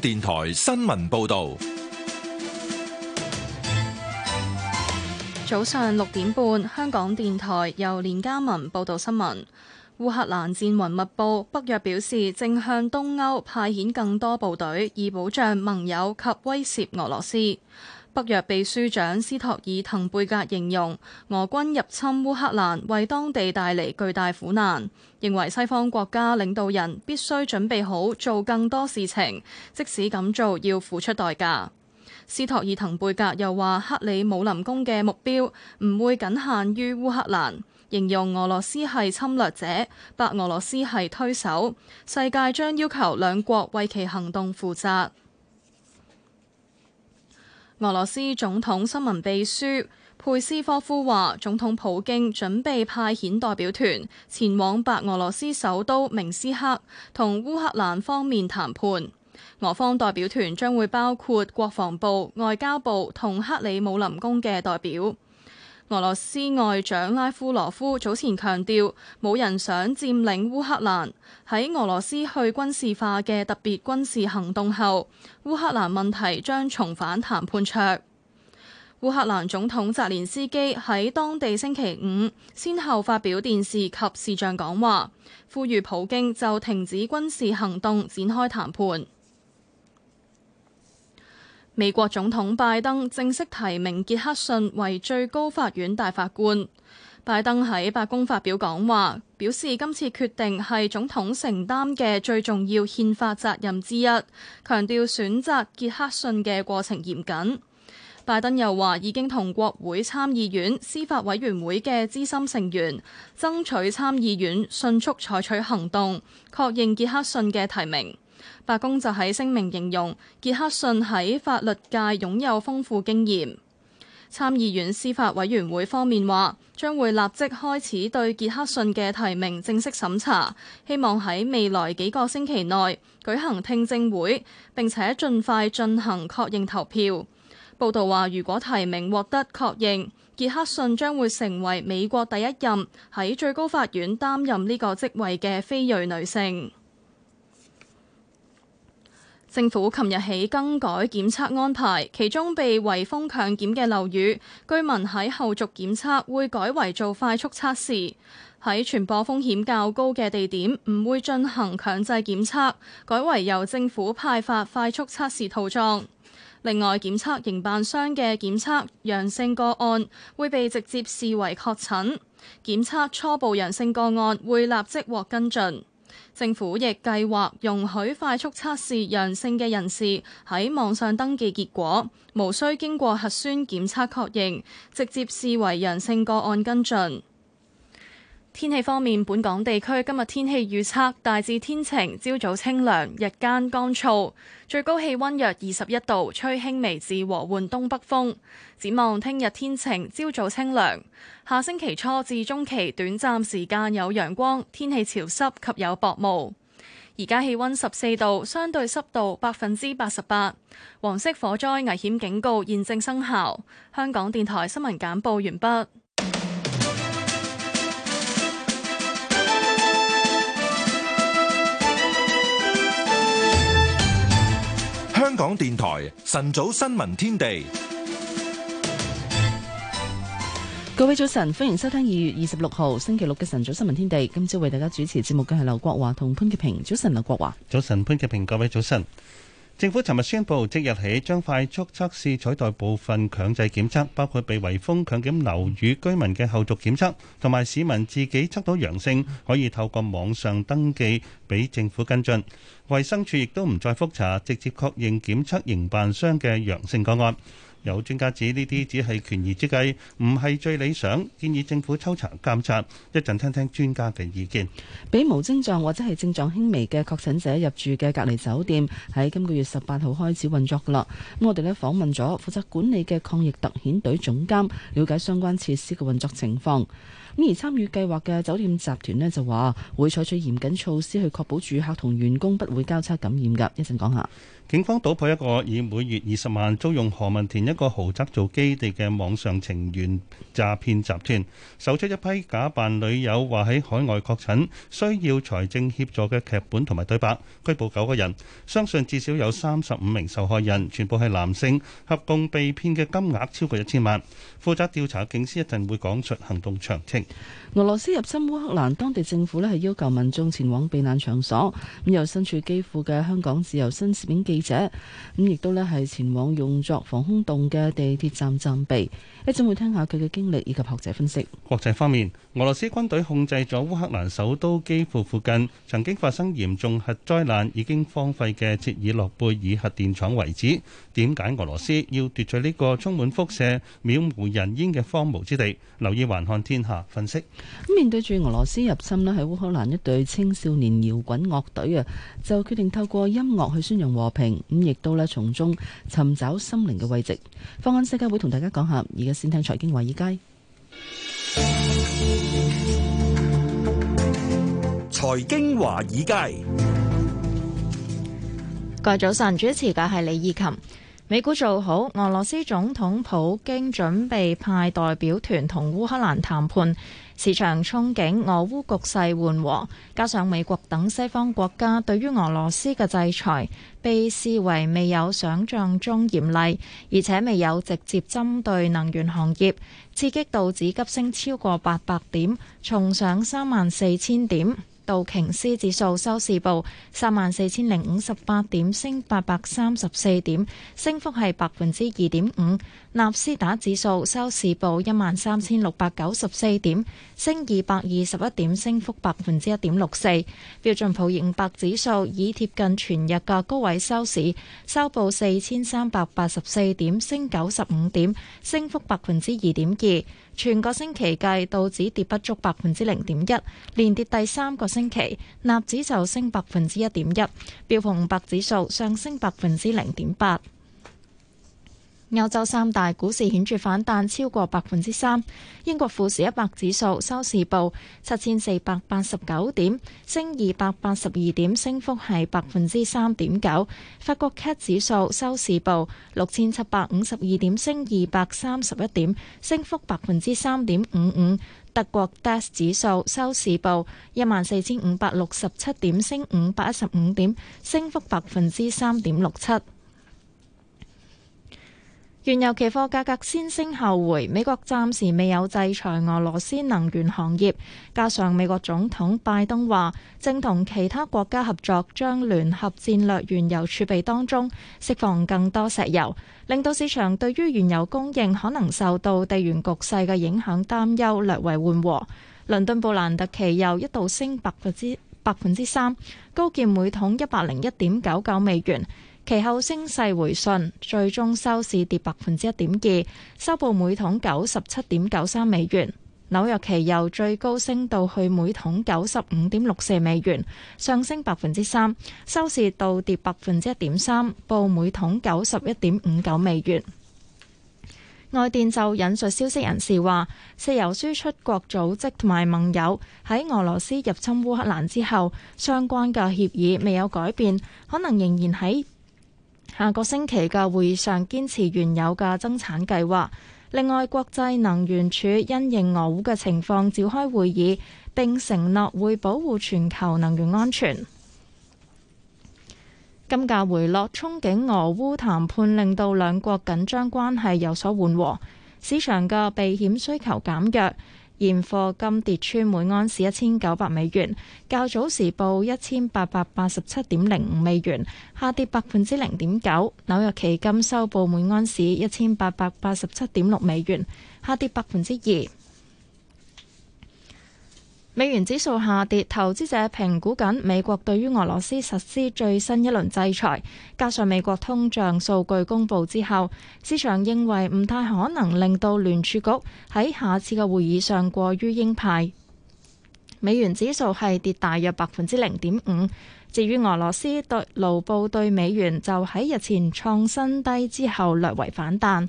電台新聞報道：早上六點半，香港電台由連家文報道新聞。烏克蘭戰雲密佈，北約表示正向東歐派遣更多部隊，以保障盟友及威懾俄羅斯。北約秘書長斯托爾滕貝格形容俄軍入侵烏克蘭為當地帶嚟巨大苦難，認為西方國家領導人必須準備好做更多事情，即使咁做要付出代價。斯托爾滕貝格又話，克里姆林宮嘅目標唔會僅限於烏克蘭，形容俄羅斯係侵略者，白俄羅斯係推手，世界將要求兩國為其行動負責。俄羅斯總統新聞秘書佩斯科夫話，總統普京準備派遣代表團前往白俄羅斯首都明斯克同烏克蘭方面談判。俄方代表團將會包括國防部、外交部同克里姆林宮嘅代表。俄羅斯外長拉夫羅夫早前強調，冇人想佔領烏克蘭。喺俄羅斯去軍事化嘅特別軍事行動後，烏克蘭問題將重返談判桌。烏克蘭總統澤連斯基喺當地星期五先後發表電視及視像講話，呼籲普京就停止軍事行動展開談判。美國總統拜登正式提名傑克遜為最高法院大法官。拜登喺白宮發表講話，表示今次決定係總統承擔嘅最重要憲法責任之一，強調選擇傑克遜嘅過程嚴謹。拜登又話已經同國會參議院司法委員會嘅資深成員爭取參議院迅速採取行動，確認傑克遜嘅提名。白宮就喺聲明形容傑克遜喺法律界擁有豐富經驗。參議院司法委員會方面話，將會立即開始對傑克遜嘅提名正式審查，希望喺未來幾個星期內舉行聽證會，並且盡快進行確認投票。報道話，如果提名獲得確認，傑克遜將會成為美國第一任喺最高法院擔任呢個職位嘅非裔女性。政府琴日起更改檢測安排，其中被圍封強檢嘅樓宇居民喺後續檢測會改為做快速測試，喺傳播風險較高嘅地點唔會進行強制檢測，改為由政府派發快速測試套裝。另外，檢測營辦商嘅檢測陽性個案，會被直接視為確診，檢測初步陽性個案，會立即獲跟進。政府亦計劃容許快速測試陽性嘅人士喺網上登記結果，無需經過核酸檢測確認，直接視為陽性個案跟進。天氣方面，本港地區今日天氣預測大致天晴，朝早清涼，日間乾燥，最高氣溫約二十一度，吹輕微至和緩東北風。展望聽日天晴，朝早清涼，下星期初至中期短暫時間有陽光，天氣潮濕及有薄霧。而家氣溫十四度，相對濕度百分之八十八。黃色火災危險警告現正生效。香港電台新聞簡報完畢。香港電台晨早新聞天地，各位早晨，歡迎收聽二月二十六號星期六嘅晨早新聞天地。今朝為大家主持節目嘅係劉國華同潘潔平。早晨，劉國華。早晨，潘潔平。各位早晨。政府尋日宣布，即日起將快速測試取代部分強制檢測，包括被圍封強檢樓宇居民嘅後續檢測，同埋市民自己測到陽性，可以透過網上登記俾政府跟進。衛生署亦都唔再覆查，直接確認檢測營辦商嘅陽性個案。有專家指呢啲只係權宜之計，唔係最理想。建議政府抽查監察，一陣聽聽專家嘅意見。俾無症狀或者係症狀輕微嘅確診者入住嘅隔離酒店，喺今個月十八號開始運作噶啦。咁我哋呢訪問咗負責管理嘅抗疫特遣隊總監，了解相關設施嘅運作情況。咁而參與計劃嘅酒店集團呢，就話，會採取嚴謹措施去確保住客同員工不會交叉感染㗎。一陣講下。警方搗破一個以每月二十萬租用何文田一個豪宅做基地嘅網上情緣詐騙集團，搜出一批假扮女友話喺海外確診需要財政協助嘅劇本同埋對白，拘捕九個人，相信至少有三十五名受害人，全部係男性，合共被騙嘅金額超過一千萬。負責調查警司一陣會，會講出行動詳情。俄羅斯入侵烏克蘭，當地政府咧係要求民眾前往避難場所。咁又身處基輔嘅香港自由新攝影記者，咁亦都咧係前往用作防空洞嘅地鐵站暫避。一陣會聽下佢嘅經歷以及學者分析。國際方面，俄羅斯軍隊控制咗烏克蘭首都基輔附近曾經發生嚴重核災難、已經荒廢嘅切爾諾貝爾核電廠遺址。點解俄羅斯要奪取呢個充滿輻射、渺無人煙嘅荒蕪之地？留意環看天下分析。面對住俄羅斯入侵咧，喺烏克蘭一隊青少年搖滾樂隊啊，就決定透過音樂去宣揚和平，咁亦都咧從中尋找心靈嘅慰藉。放眼世界會同大家講下先聽財經華爾街。財經華爾街，各位早晨，主持嘅係李義琴。美股做好，俄羅斯總統普京準備派代表團同烏克蘭談判。市場憧憬俄烏局勢緩和，加上美國等西方國家對於俄羅斯嘅制裁被視為未有想象中嚴厲，而且未有直接針對能源行業，刺激道指急升超過八百點，重上三萬四千點。道瓊斯指數收市報三萬四千零五十八點，升八百三十四點，升幅係百分之二點五。納斯達指數收市報一萬三千六百九十四點，升二百二十一點，升幅百分之一點六四。標準普爾五百指數已貼近全日嘅高位收市，收報四千三百八十四點，升九十五點，升幅百分之二點二。全個星期計，道指跌不足百分之零點一，連跌第三個星期，納指就升百分之一點一，標普五百指數上升百分之零點八。歐洲三大股市顯著反彈，超過百分之三。英國富時一百指數收市報七千四百八十九點，升二百八十二點，升幅係百分之三點九。法國 CAC 指數收市報六千七百五十二點，升二百三十一點，升幅百分之三點五五。德國 DAX 指數收市報一萬四千五百六十七點，升五百一十五點，升幅百分之三點六七。原油期貨價格先升後回，美國暫時未有制裁俄羅斯能源行業，加上美國總統拜登話正同其他國家合作，將聯合戰略原油儲備當中釋放更多石油，令到市場對於原油供應可能受到地緣局勢嘅影響擔憂略為緩和。倫敦布蘭特期油一度升百分之百分之三，高見每桶一百零一點九九美元。其後升勢回順，最終收市跌百分之一點二，收報每桶九十七點九三美元。紐約期油最高升到去每桶九十五點六四美元，上升百分之三，收市到跌百分之一點三，報每桶九十一點五九美元。外電就引述消息人士話，石油輸出國組織同埋盟友喺俄羅斯入侵烏克蘭之後，相關嘅協議未有改變，可能仍然喺下個星期嘅會議上堅持原有嘅增產計劃。另外，國際能源署因應俄烏嘅情況召開會議，並承諾會保護全球能源安全。金價回落，憧憬俄烏談判令到兩國緊張關係有所緩和，市場嘅避險需求減弱。現貨金跌穿每盎司一千九百美元，較早時報一千八百八十七點零五美元，下跌百分之零點九。紐約期金收報每盎司一千八百八十七點六美元，下跌百分之二。美元指數下跌，投資者評估緊美國對於俄羅斯實施最新一輪制裁，加上美國通脹數據公布之後，市場認為唔太可能令到聯儲局喺下次嘅會議上過於鷹派。美元指數係跌大約百分之零點五，至於俄羅斯對盧布對美元就喺日前創新低之後略為反彈。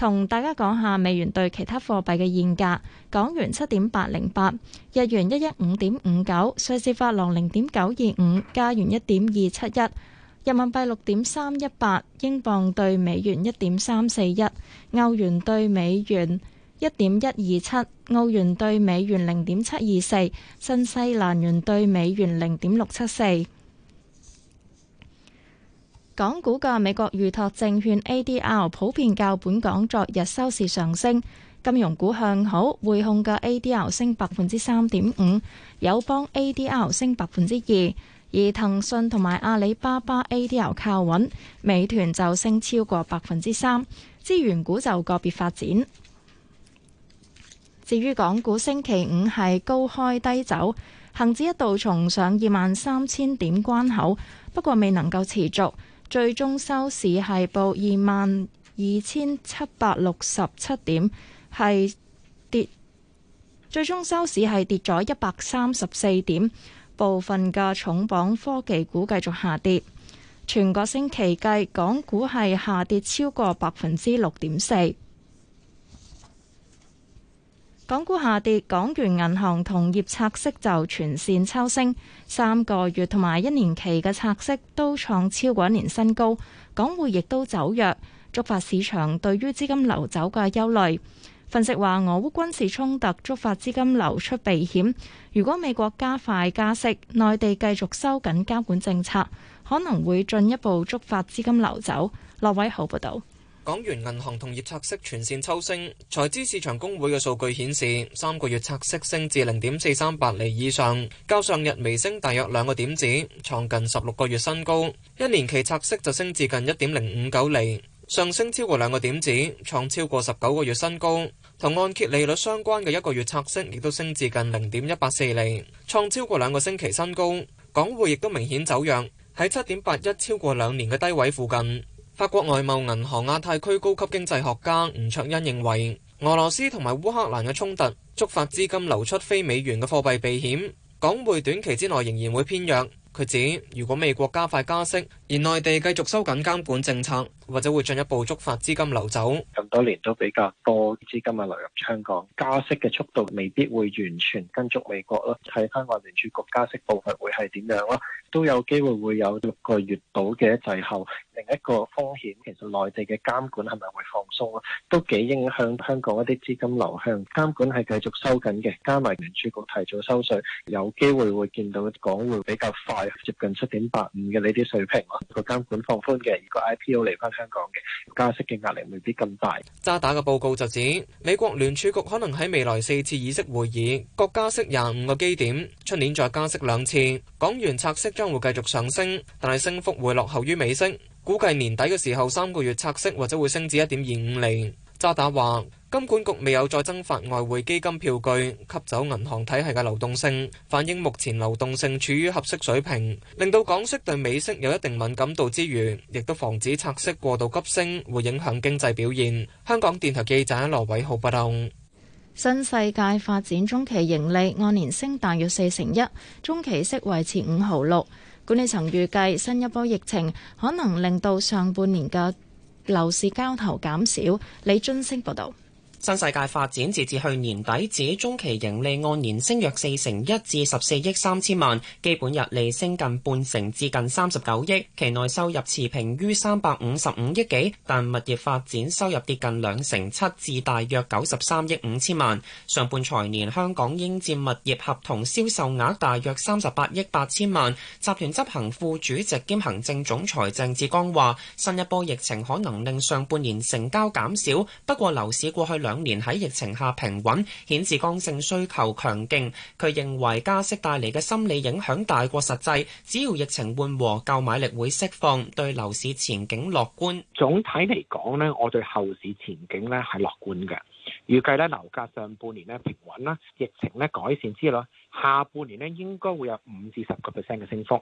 同大家講下美元對其他貨幣嘅現價，港元七點八零八，日元一一五點五九，瑞士法郎零點九二五，加元一點二七一，人民幣六點三一八，英鎊對美元一點三四一，歐元對美元一點一二七，澳元對美元零點七二四，新西蘭元對美元零點六七四。港股嘅美國預託證券 ADR 普遍較本港昨日收市上升，金融股向好，匯控嘅 ADR 升百分之三點五，友邦 ADR 升百分之二，而騰訊同埋阿里巴巴 ADR 靠穩，美團就升超過百分之三，資源股就個別發展。至於港股星期五係高開低走，恒指一度重上二萬三千點關口，不過未能夠持續。最終收市係報二萬二千七百六十七點，係跌。最終收市係跌咗一百三十四點，部分嘅重磅科技股繼續下跌。全個星期計，港股係下跌超過百分之六點四。港股下跌，港元銀行同業拆息就全線抽升，三個月同埋一年期嘅拆息都創超過一年新高。港匯亦都走弱，觸發市場對於資金流走嘅憂慮。分析話，俄烏軍事衝突觸發資金流出避險，如果美國加快加息，內地繼續收緊監管政策，可能會進一步觸發資金流走。駱偉豪報道。港元銀行同業拆息全線抽升，財資市場公會嘅數據顯示，三個月拆息升至零點四三八厘以上，較上日微升大約兩個點子，創近十六個月新高。一年期拆息就升至近一點零五九厘，上升超過兩個點子，創超過十九個月新高。同按揭利率相關嘅一個月拆息亦都升至近零點一八四厘，創超過兩個星期新高。港匯亦都明顯走弱，喺七點八一超過兩年嘅低位附近。法國外貿銀行亞太區高級經濟學家吳卓恩認為，俄羅斯同埋烏克蘭嘅衝突觸發資金流出非美元嘅貨幣避險，港匯短期之內仍然會偏弱。佢指，如果美國加快加息，而內地繼續收緊監管政策。或者會進一步觸發資金流走，咁多年都比較多資金啊流入香港。加息嘅速度未必會完全跟足美國咯，睇翻話聯儲局加息步伐會係點樣咯，都有機會會有六個月到嘅滯後。另一個風險，其實內地嘅監管係咪會放鬆咯，都幾影響香港一啲資金流向。監管係繼續收緊嘅，加埋聯儲局提早收稅，有機會會見到港匯比較快接近七點八五嘅呢啲水平咯。個監管放寬嘅，如果 IPO 嚟翻。香港加息嘅壓力未必咁大。渣打嘅報告就指，美國聯儲局可能喺未來四次議息會議各加息廿五個基點，出年再加息兩次。港元拆息將會繼續上升，但係升幅會落後於美息。估計年底嘅時候，三個月拆息或者會升至一點二五厘。渣打話。金管局未有再增發外匯基金票據，吸走銀行體系嘅流動性，反映目前流動性處於合適水平，令到港息對美息有一定敏感度之餘，亦都防止拆息過度急升，會影響經濟表現。香港電台記者羅偉浩報道。新世界發展中期盈利按年升大約四成一，中期息維持五毫六。管理層預計新一波疫情可能令到上半年嘅樓市交投減少。李津升報道。新世界發展截至去年底止中期盈利按年升約四成一，至十四億三千萬；基本日利升近半成，至近三十九億。期內收入持平於三百五十五億幾，但物業發展收入跌近兩成七，至大約九十三億五千萬。上半財年香港應佔物業合同銷售額大約三十八億八千萬。集團執行副主席兼行政總裁鄭志剛話，新一波疫情可能令上半年成交減少，不過樓市過去兩兩年喺疫情下平穩，顯示剛性需求強勁。佢認為加息帶嚟嘅心理影響大過實際。只要疫情緩和，購買力會釋放，對樓市前景樂觀。總體嚟講呢，我對後市前景呢係樂觀嘅。預計咧樓價上半年呢平穩啦，疫情咧改善之後咧，下半年呢應該會有五至十個 percent 嘅升幅。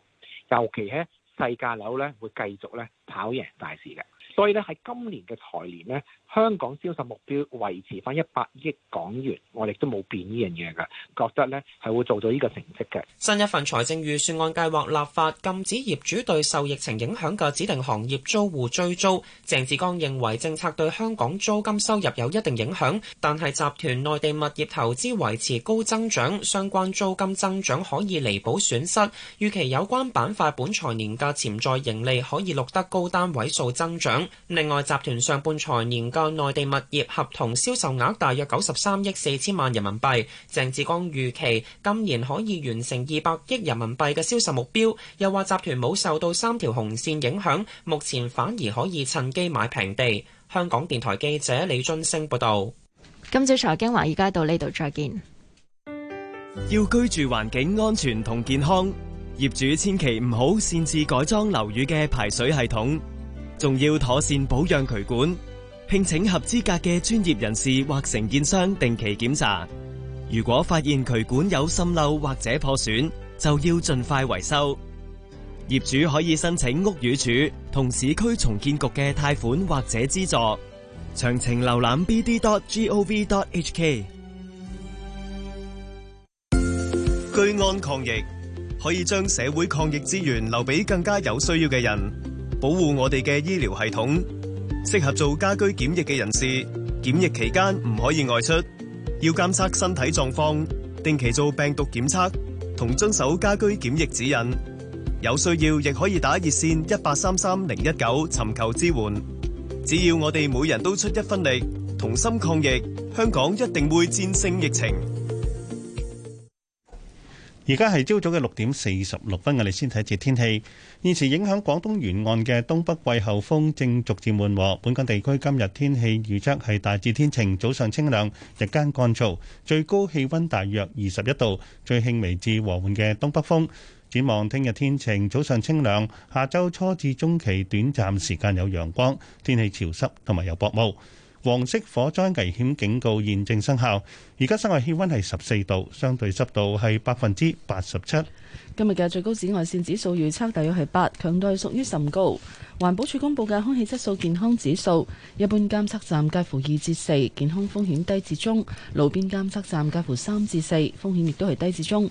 尤其喺細價樓咧會繼續咧跑贏大市嘅。所以咧喺今年嘅財年呢，香港銷售目標維持翻一百億港元，我哋都冇變呢樣嘢㗎，覺得呢，係會做到呢個成績嘅。新一份財政預算案計劃立法禁止業主對受疫情影響嘅指定行業租戶追租。鄭志剛認為政策對香港租金收入有一定影響，但係集團內地物業投資維持高增長，相關租金增長可以彌補損失。預期有關板塊本財年嘅潛在盈利可以錄得高單位數增長。另外，集團上半財年嘅內地物業合同銷售額大約九十三億四千萬人民幣。鄭志剛預期今年可以完成二百億人民幣嘅銷售目標，又話集團冇受到三條紅線影響，目前反而可以趁機買平地。香港電台記者李津升報道。今朝財經華而家到呢度再見。要居住環境安全同健康，業主千祈唔好擅自改裝樓宇嘅排水系統。仲要妥善保養渠管，聘請合資格嘅專業人士或承建商定期檢查。如果發現渠管有滲漏或者破損，就要盡快維修。業主可以申請屋宇署同市區重建局嘅貸款或者資助。詳情瀏覽 bd.gov.hk。居安抗疫，可以將社會抗疫資源留俾更加有需要嘅人。保護我哋嘅醫療系統，適合做家居檢疫嘅人士，檢疫期間唔可以外出，要監測身體狀況，定期做病毒檢測，同遵守家居檢疫指引。有需要亦可以打熱線一八三三零一九尋求支援。只要我哋每人都出一分力，同心抗疫，香港一定會戰勝疫情。而家係朝早嘅六點四十六分，我哋先睇一節天氣。現時影響廣東沿岸嘅東北季候風正逐漸緩和，本港地區今日天氣預測係大致天晴，早上清涼，日間乾燥，最高氣温大約二十一度，最輕微至和緩嘅東北風。展望聽日天晴，早上清涼，下周初至中期短暫時間有陽光，天氣潮濕同埋有薄霧。黃色火災危險警告現正生效。而家室外氣溫係十四度，相對濕度係百分之八十七。今日嘅最高紫外線指數預測大約係八，強度係屬於甚高。環保署公布嘅空氣質素健康指數，一般監測站介乎二至四，健康風險低至中；路邊監測站介乎三至四，風險亦都係低至中。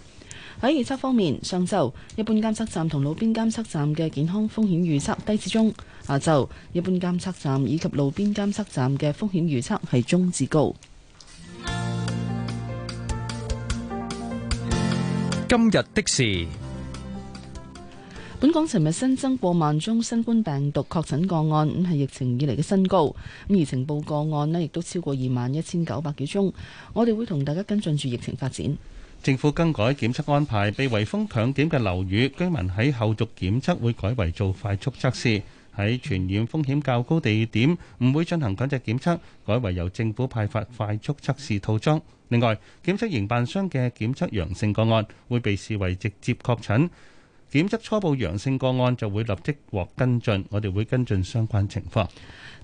喺預測方面，上晝一般監測站同路邊監測站嘅健康風險預測低至中；下晝一般監測站以及路邊監測站嘅風險預測係中至高。今日的事，本港尋日新增過萬宗新冠病毒確診個案，咁係疫情以嚟嘅新高。咁疫情報個案呢，亦都超過二萬一千九百幾宗。我哋會同大家跟進住疫情發展。政府更改檢測安排，被圍封強檢嘅樓宇居民喺後續檢測會改為做快速測試；喺傳染風險較高地點，唔會進行簡隻檢測，改為由政府派發快速測試套裝。另外，檢測營辦商嘅檢測陽性個案，會被視為直接確診。檢測初步陽性個案就會立即獲跟進，我哋會跟進相關情況。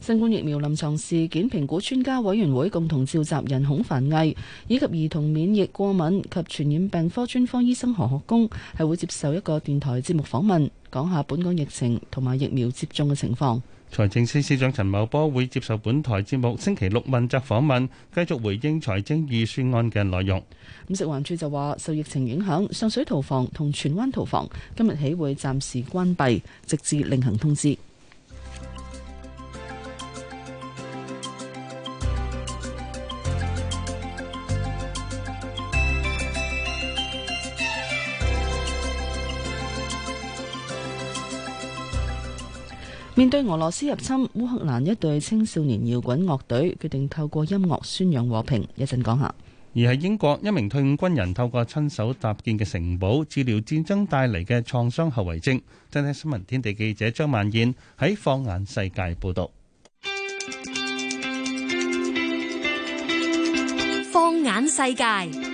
新冠疫苗臨床事件評估專家委員會共同召集人孔繁毅以及兒童免疫過敏及傳染病科專科醫生何學工係會接受一個電台節目訪問，講下本港疫情同埋疫苗接種嘅情況。財政司司長陳茂波會接受本台節目星期六問責訪問，繼續回應財政預算案嘅內容。五食環署就話，受疫情影響，上水屠房同荃灣屠房今日起會暫時關閉，直至另行通知。面對俄羅斯入侵，烏克蘭一隊青少年搖滾樂隊決定透過音樂宣揚和平。一陣講下，而喺英國一名退伍軍人透過親手搭建嘅城堡治療戰爭帶嚟嘅創傷後遺症。聽聽新聞天地記者張曼燕喺《放眼世界》報道。放眼世界。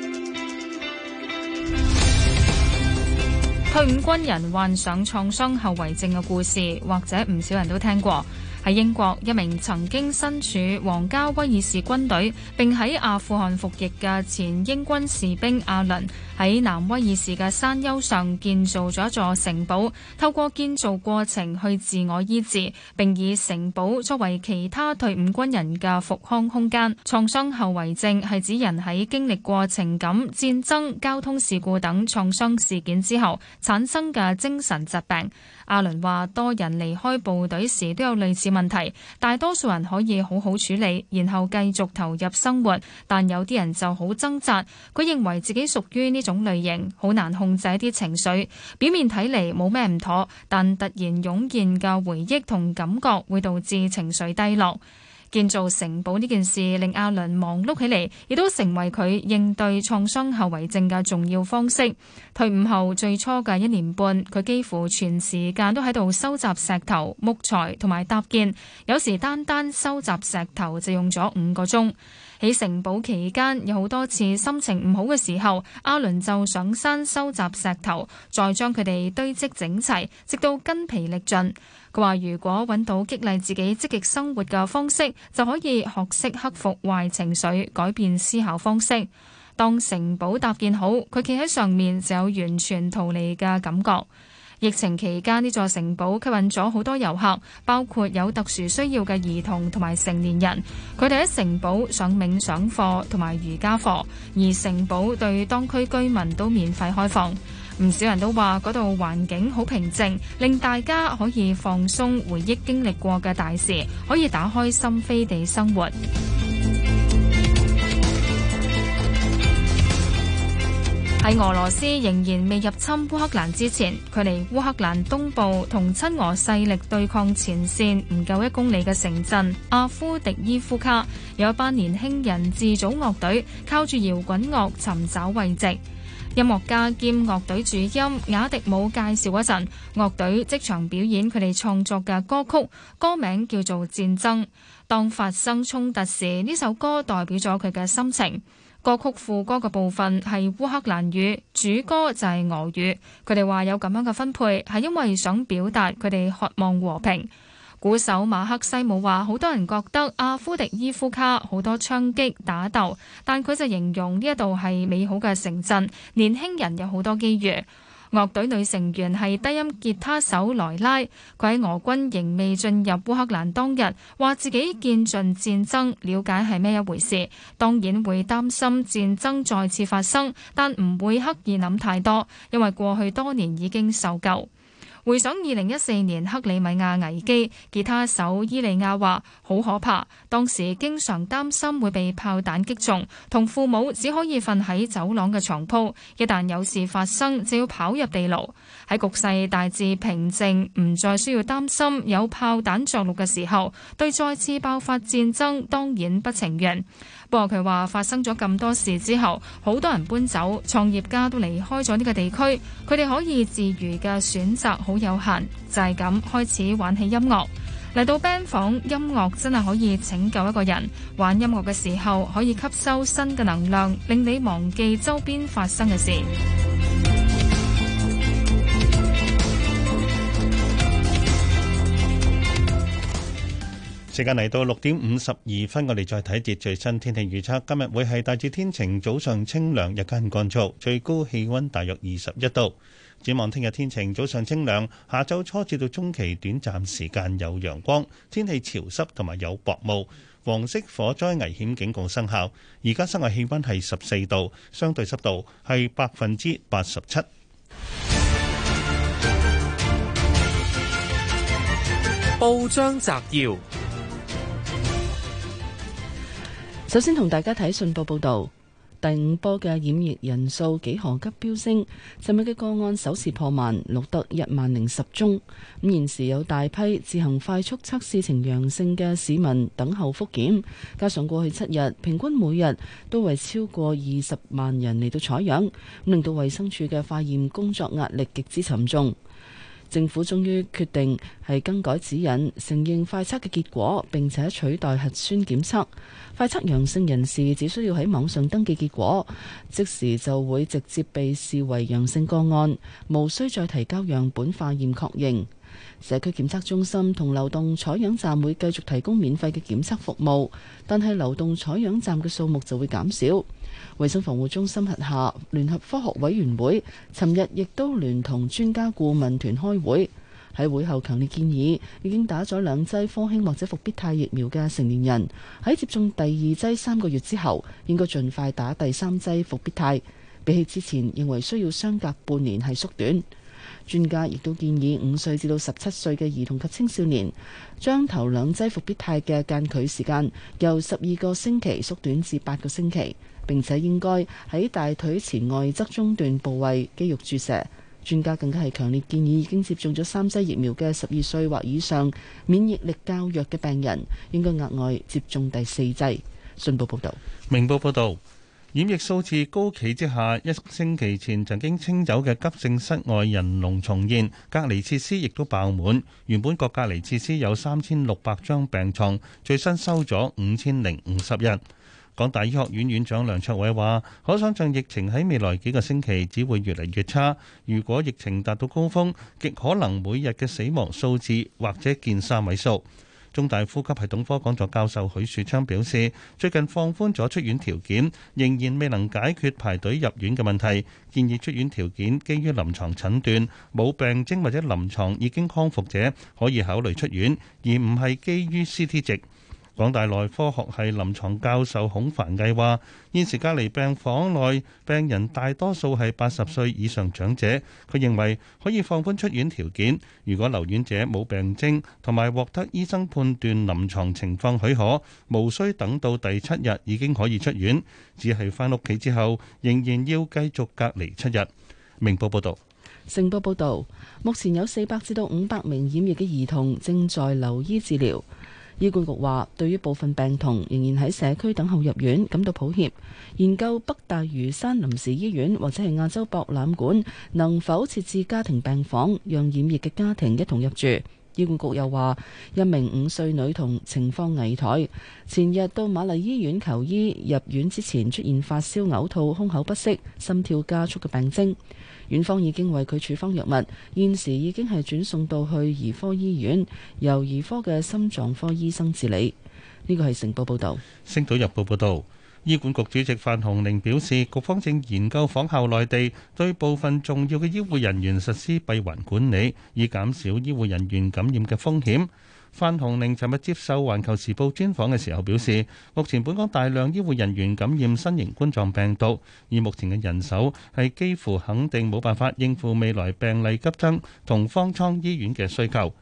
退伍軍人患上創傷後遺症嘅故事，或者唔少人都聽過。喺英國，一名曾經身處皇家威爾士軍隊並喺阿富汗服役嘅前英軍士兵阿倫。喺南威爾士嘅山丘上建造咗一座城堡，透過建造過程去自我醫治，並以城堡作為其他退伍軍人嘅復康空間。創傷後遺症係指人喺經歷過情感、戰爭、交通事故等創傷事件之後產生嘅精神疾病。阿倫話：多人離開部隊時都有類似問題，大多數人可以好好處理，然後繼續投入生活，但有啲人就好掙扎。佢認為自己屬於呢種。種類型好難控制一啲情緒，表面睇嚟冇咩唔妥，但突然湧現嘅回憶同感覺會導致情緒低落。建造城堡呢件事令阿倫忙碌起嚟，亦都成為佢應對創傷後遺症嘅重要方式。退伍後最初嘅一年半，佢幾乎全時間都喺度收集石頭、木材同埋搭建，有時單單收集石頭就用咗五個鐘。喺城堡期間有好多次心情唔好嘅時候，阿倫就上山收集石頭，再將佢哋堆積整齊，直到筋疲力盡。佢話：如果搵到激勵自己積極生活嘅方式，就可以學識克服壞情緒，改變思考方式。當城堡搭建好，佢企喺上面就有完全逃離嘅感覺。疫情期間，呢座城堡吸引咗好多遊客，包括有特殊需要嘅兒童同埋成年人。佢哋喺城堡上冥想課同埋瑜伽課，而城堡對當區居民都免費開放。唔少人都話嗰度環境好平靜，令大家可以放鬆回憶經歷過嘅大事，可以打開心扉地生活。喺俄羅斯仍然未入侵烏克蘭之前，距離烏克蘭東部同親俄勢力對抗前線唔夠一公里嘅城鎮阿夫迪伊夫卡，有一班年輕人自組樂隊，靠住搖滾樂尋找慰藉。音樂家兼樂隊主音雅迪姆介紹嗰陣，樂隊即場表演佢哋創作嘅歌曲，歌名叫做《戰爭》。當發生衝突時，呢首歌代表咗佢嘅心情。歌曲副歌嘅部分係烏克蘭語，主歌就係俄語，佢哋話有咁樣嘅分配，係因為想表達佢哋渴望和平。鼓手馬克西姆話，好多人覺得阿夫迪伊夫卡好多槍擊打鬥，但佢就形容呢一度係美好嘅城鎮，年輕人有好多機遇。樂隊女成員係低音吉他手萊拉，佢喺俄軍仍未進入烏克蘭當日，話自己見盡戰爭，了解係咩一回事。當然會擔心戰爭再次發生，但唔會刻意諗太多，因為過去多年已經受夠。回想二零一四年克里米亞危機，吉他手伊利亞話：好可怕，當時經常擔心會被炮彈擊中，同父母只可以瞓喺走廊嘅床鋪，一旦有事發生就要跑入地牢。喺局勢大致平靜，唔再需要擔心有炮彈着陸嘅時候，對再次爆發戰爭當然不情願。不過佢話發生咗咁多事之後，好多人搬走，創業家都離開咗呢個地區，佢哋可以自如嘅選擇好有限，就係咁開始玩起音樂嚟到 band 房，音樂真係可以拯救一個人。玩音樂嘅時候可以吸收新嘅能量，令你忘記周邊發生嘅事。時間嚟到六點五十二分，我哋再睇一節最新天氣預測。今日會係大致天晴，早上清涼，日間乾燥，最高氣溫大約二十一度。展望聽日天晴，早上清涼。下周初至到中期短暫時間有陽光，天氣潮濕同埋有薄霧。黃色火災危險警告生效。而家室外氣溫係十四度，相對濕度係百分之八十七。報章摘要。首先同大家睇信報報道，第五波嘅染疫人數幾何急飆升，尋日嘅個案首次破萬，錄得一萬零十宗。咁現時有大批自行快速測試呈陽性嘅市民等候覆檢，加上過去七日平均每日都為超過二十萬人嚟到採樣，令到衛生署嘅化驗工作壓力極之沉重。政府終於決定係更改指引，承認快測嘅結果，並且取代核酸檢測。快測陽性人士只需要喺網上登記結果，即時就會直接被視為陽性個案，無需再提交樣本化驗確認。社區檢測中心同流動採樣站會繼續提供免費嘅檢測服務，但係流動採樣站嘅數目就會減少。衞生防護中心轄下聯合科學委員會，尋日亦都聯同專家顧問團開會，喺會後強烈建議，已經打咗兩劑科興或者復必泰疫苗嘅成年人，喺接種第二劑三個月之後，應該盡快打第三劑復必泰，比起之前認為需要相隔半年係縮短。專家亦都建議五歲至到十七歲嘅兒童及青少年，將頭兩劑復必泰嘅間距時間由十二個星期縮短至八個星期，並且應該喺大腿前外側中段部位肌肉注射。專家更加係強烈建議已經接種咗三劑疫苗嘅十二歲或以上免疫力較弱嘅病人，應該額外接種第四劑。信報報導，明報報導。染疫數字高企之下，一星期前曾經清走嘅急症室外人龍重現，隔離設施亦都爆滿。原本各隔離設施有三千六百張病床，最新收咗五千零五十人。港大醫學院院長梁卓偉話，可想像疫情喺未來幾個星期只會越嚟越差。如果疫情達到高峰，極可能每日嘅死亡數字或者見三位數。中大呼吸系統科講座教授許樹昌表示，最近放寬咗出院條件，仍然未能解決排隊入院嘅問題，建議出院條件基於臨床診斷，冇病徵或者臨床已經康復者可以考慮出院，而唔係基於 CT 值。港大內科學系臨床教授孔凡毅話：現時隔離病房內病人大多數係八十歲以上長者，佢認為可以放寬出院條件。如果留院者冇病徵同埋獲得醫生判斷臨床情況許可，無需等到第七日已經可以出院，只係返屋企之後仍然要繼續隔離七日。明報報道，成報報導，目前有四百至到五百名染疫嘅兒童正在留醫治療。醫管局話，對於部分病童仍然喺社區等候入院感到抱歉。研究北大嶼山臨時醫院或者係亞洲博覽館能否設置家庭病房，讓染疫嘅家庭一同入住。醫管局又話，一名五歲女童情況危殆，前日到瑪麗醫院求醫，入院之前出現發燒、嘔吐、胸口不適、心跳加速嘅病徵。院方已經為佢處方藥物，現時已經係轉送到去兒科醫院，由兒科嘅心臟科醫生治理。呢個係成報報導，《星島日報》報導，醫管局主席范鴻齡表示，局方正研究仿效內地，對部分重要嘅醫護人員實施閉環管理，以減少醫護人員感染嘅風險。范鴻齡尋日接受《環球時報》專訪嘅時候表示，目前本港大量醫護人員感染新型冠狀病毒，而目前嘅人手係幾乎肯定冇辦法應付未來病例急增同方艙醫院嘅需求。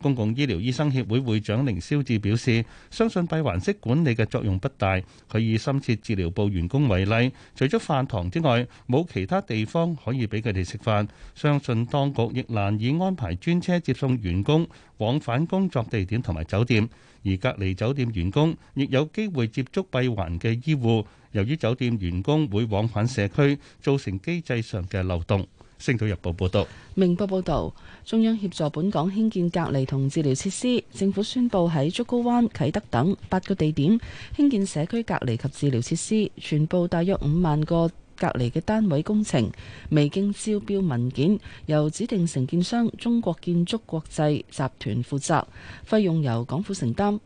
公共醫療醫生協會會長凌霄志表示，相信閉環式管理嘅作用不大。佢以深切治療部員工為例，除咗飯堂之外，冇其他地方可以俾佢哋食飯。相信當局亦難以安排專車接送員工往返工作地點同埋酒店。而隔離酒店員工亦有機會接觸閉環嘅醫護，由於酒店員工會往返社區，造成機制上嘅漏洞。星島日報報道，明報報道，中央協助本港興建隔離同治療設施。政府宣佈喺竹篙灣、啟德等八個地點興建社區隔離及治療設施，全部大約五萬個隔離嘅單位工程，未經招標文件，由指定承建商中國建築國際集團負責，費用由港府承擔。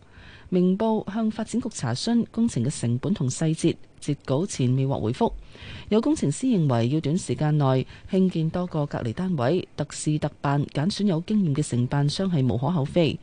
明報向發展局查詢工程嘅成本同細節，截稿前未獲回覆。有工程師認為要短時間內興建多個隔離單位，特事特辦，揀選有經驗嘅承辦商係無可厚非。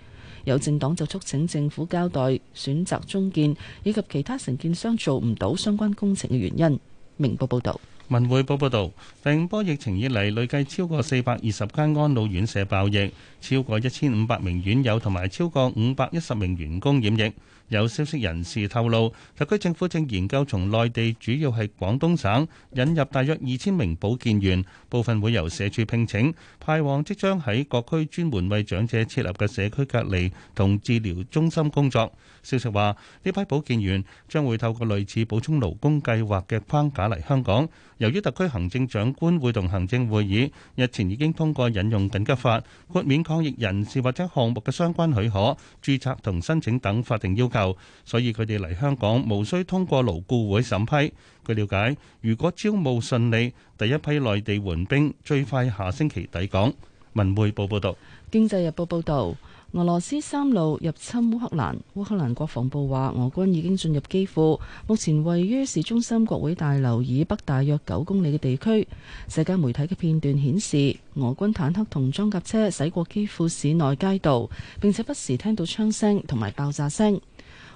有政黨就促請政府交代選擇中建以及其他承建商做唔到相關工程嘅原因。明報報道。文匯報報道，第五波疫情以嚟累計超過四百二十間安老院舍爆疫，超過一千五百名院友同埋超過五百一十名員工染疫。有消息人士透露，特區政府正研究從內地，主要係廣東省，引入大約二千名保健員，部分會由社署聘請派往即將喺各區專門為長者設立嘅社區隔離同治療中心工作。消息話呢批保健員將會透過類似補充勞工計劃嘅框架嚟香港。由於特區行政長官會同行政會議日前已經通過引用緊急法豁免抗疫人士或者項目嘅相關許可、注冊同申請等法定要求。所以佢哋嚟香港無需通過勞顧會審批。據了解，如果招募順利，第一批內地援兵最快下星期抵港。文匯報報道，經濟日報報道，俄羅斯三路入侵烏克蘭，烏克蘭國防部話俄軍已經進入基輔，目前位於市中心國會大樓以北大約九公里嘅地區。社交媒體嘅片段顯示，俄軍坦克同裝甲車駛過基輔市內街道，並且不時聽到槍聲同埋爆炸聲。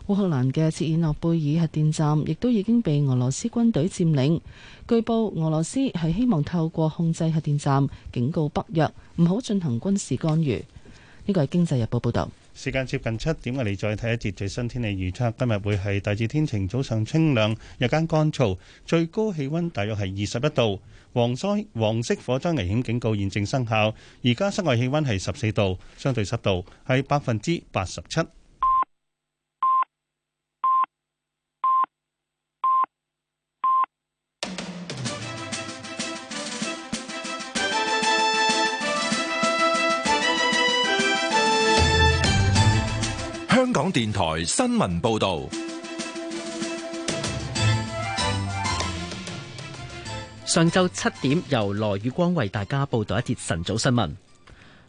烏克蘭嘅切爾諾貝爾核電站亦都已經被俄羅斯軍隊佔領。據報，俄羅斯係希望透過控制核電站，警告北約唔好進行軍事干預。呢個係《經濟日報》報道。時間接近七點，我哋再睇一節最新天氣預測。今日會係大致天晴，早上清涼，日間乾燥，最高氣温大約係二十一度。黃災黃色火災危險警告現正生效。而家室外氣温係十四度，相對濕度係百分之八十七。香港電台新聞報道，上晝七點，由羅宇光為大家報道一節晨早新聞。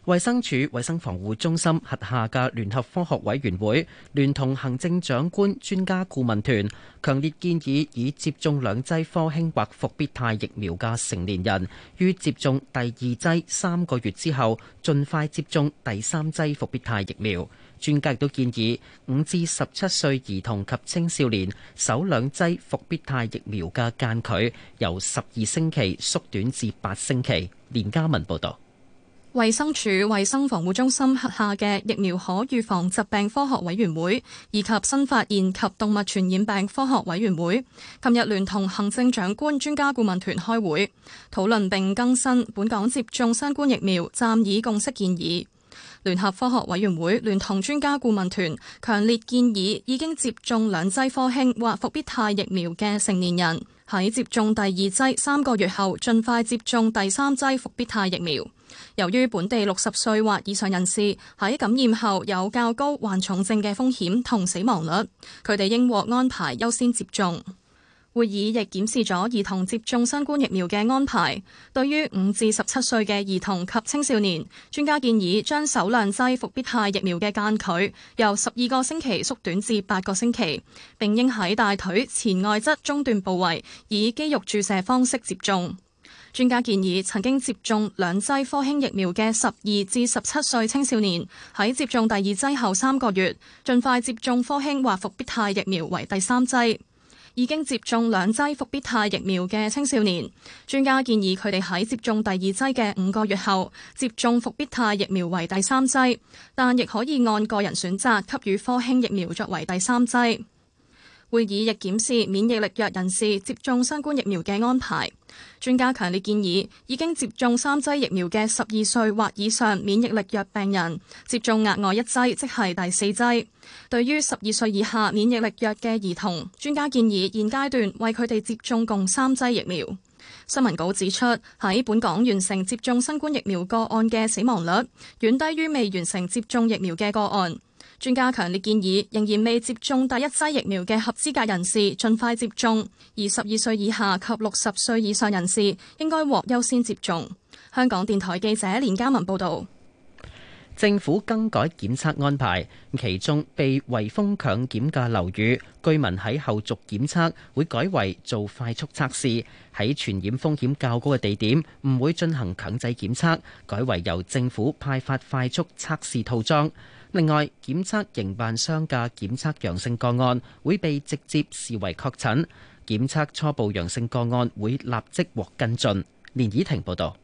衛生署衛生防護中心轄下嘅聯合科學委員會聯同行政長官，專家顧問團，強烈建議已接種兩劑科興或復必泰疫苗嘅成年人，於接種第二劑三個月之後，盡快接種第三劑復必泰疫苗。專家亦都建議，五至十七歲兒童及青少年首兩劑復必泰疫苗嘅間距由十二星期縮短至八星期。連嘉文報導。衛生署衛生防護中心轄下嘅疫苗可預防疾病科學委員會以及新發現及動物傳染病科學委員會，琴日聯同行政長官專家顧問團開會，討論並更新本港接種新冠疫苗暫以共識建議。聯合科學委員會聯同專家顧問團強烈建議，已經接種兩劑科興或復必泰疫苗嘅成年人，喺接種第二劑三個月後，盡快接種第三劑復必泰疫苗。由於本地六十歲或以上人士喺感染後有較高患重症嘅風險同死亡率，佢哋應獲安排優先接種。會議亦檢視咗兒童接種新冠疫苗嘅安排。對於五至十七歲嘅兒童及青少年，專家建議將首兩劑復必泰疫苗嘅間距由十二個星期縮短至八個星期，並應喺大腿前外側中段部位以肌肉注射方式接種。專家建議曾經接種兩劑科興疫苗嘅十二至十七歲青少年，喺接種第二劑後三個月，盡快接種科興或復必泰疫苗為第三劑。已經接種兩劑復必泰疫苗嘅青少年，專家建議佢哋喺接種第二劑嘅五個月後，接種復必泰疫苗為第三劑，但亦可以按個人選擇給予科興疫苗作為第三劑。會議亦檢視免疫力弱人士接種新冠疫苗嘅安排。專家強烈建議，已經接種三劑疫苗嘅十二歲或以上免疫力弱病人，接種額外一劑，即係第四劑。對於十二歲以下免疫力弱嘅兒童，專家建議現階段為佢哋接種共三劑疫苗。新聞稿指出，喺本港完成接種新冠疫苗個案嘅死亡率，遠低於未完成接種疫苗嘅個案。專家強烈建議，仍然未接種第一劑疫苗嘅合資格人士，盡快接種；而十二歲以下及六十歲以上人士應該獲優先接種。香港電台記者連嘉文報導。政府更改檢測安排，其中被圍封強檢嘅樓宇居民喺後續檢測會改為做快速測試。喺傳染風險較高嘅地點，唔會進行強制檢測，改為由政府派發快速測試套裝。另外，檢測營辦商嘅檢測陽性個案會被直接視為確診，檢測初步陽性個案會立即獲跟進。連怡婷報道，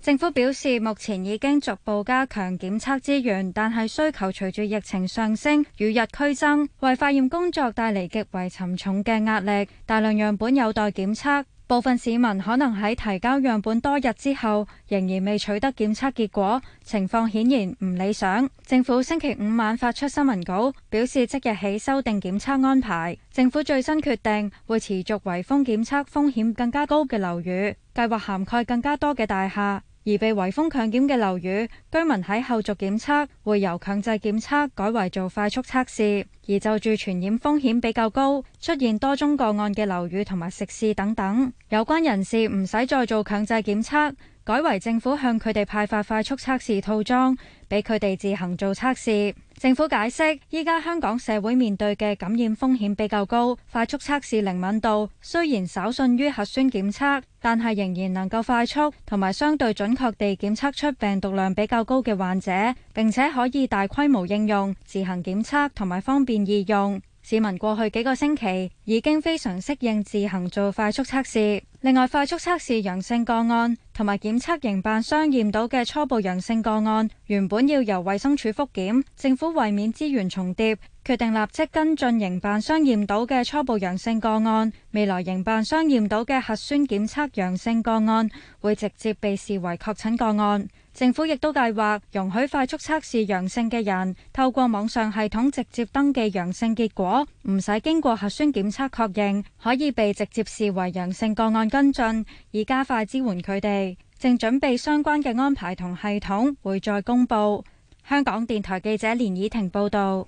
政府表示，目前已經逐步加強檢測資源，但係需求隨住疫情上升，與日俱增，為化驗工作帶嚟極為沉重嘅壓力，大量樣本有待檢測。部分市民可能喺提交樣本多日之後，仍然未取得檢測結果，情況顯然唔理想。政府星期五晚發出新聞稿，表示即日起修訂檢測安排。政府最新決定會持續圍封檢測風險更加高嘅樓宇，計劃涵蓋更加多嘅大廈。而被圍封強檢嘅樓宇，居民喺後續檢測會由強制檢測改為做快速測試；而就住傳染風險比較高、出現多宗個案嘅樓宇同埋食肆等等，有關人士唔使再做強制檢測。改為政府向佢哋派發快速測試套裝，俾佢哋自行做測試。政府解釋，依家香港社會面對嘅感染風險比較高，快速測試靈敏度雖然稍遜於核酸檢測，但係仍然能夠快速同埋相對準確地檢測出病毒量比較高嘅患者，並且可以大規模應用、自行檢測同埋方便易用。市民過去幾個星期已經非常適應自行做快速測試。另外，快速測試陽性個案同埋檢測營辦商驗到嘅初步陽性個案，原本要由衛生署覆檢，政府為免資源重疊，決定立即跟進營辦商驗到嘅初步陽性個案。未來營辦商驗到嘅核酸檢測陽性個案，會直接被視為確診個案。政府亦都計劃容許快速測試陽性嘅人透過網上系統直接登記陽性結果，唔使經過核酸檢測確認，可以被直接視為陽性個案跟進，以加快支援佢哋。正準備相關嘅安排同系統，會再公布。香港電台記者連以婷報道。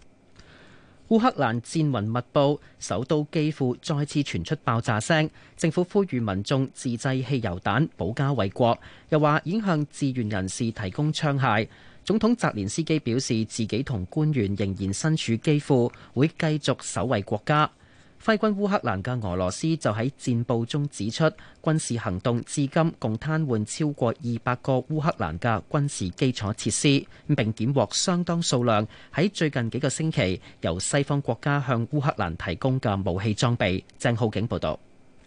烏克蘭戰雲密佈，首都基輔再次傳出爆炸聲。政府呼籲民眾自製汽油彈保家衛國，又話已經向志願人士提供槍械。總統澤連斯基表示，自己同官員仍然身處基輔，會繼續守衛國家。揮軍烏克蘭嘅俄羅斯就喺戰報中指出，軍事行動至今共癱瘓超過二百個烏克蘭嘅軍事基礎設施，咁並檢獲相當數量喺最近幾個星期由西方國家向烏克蘭提供嘅武器裝備。鄭浩景報道。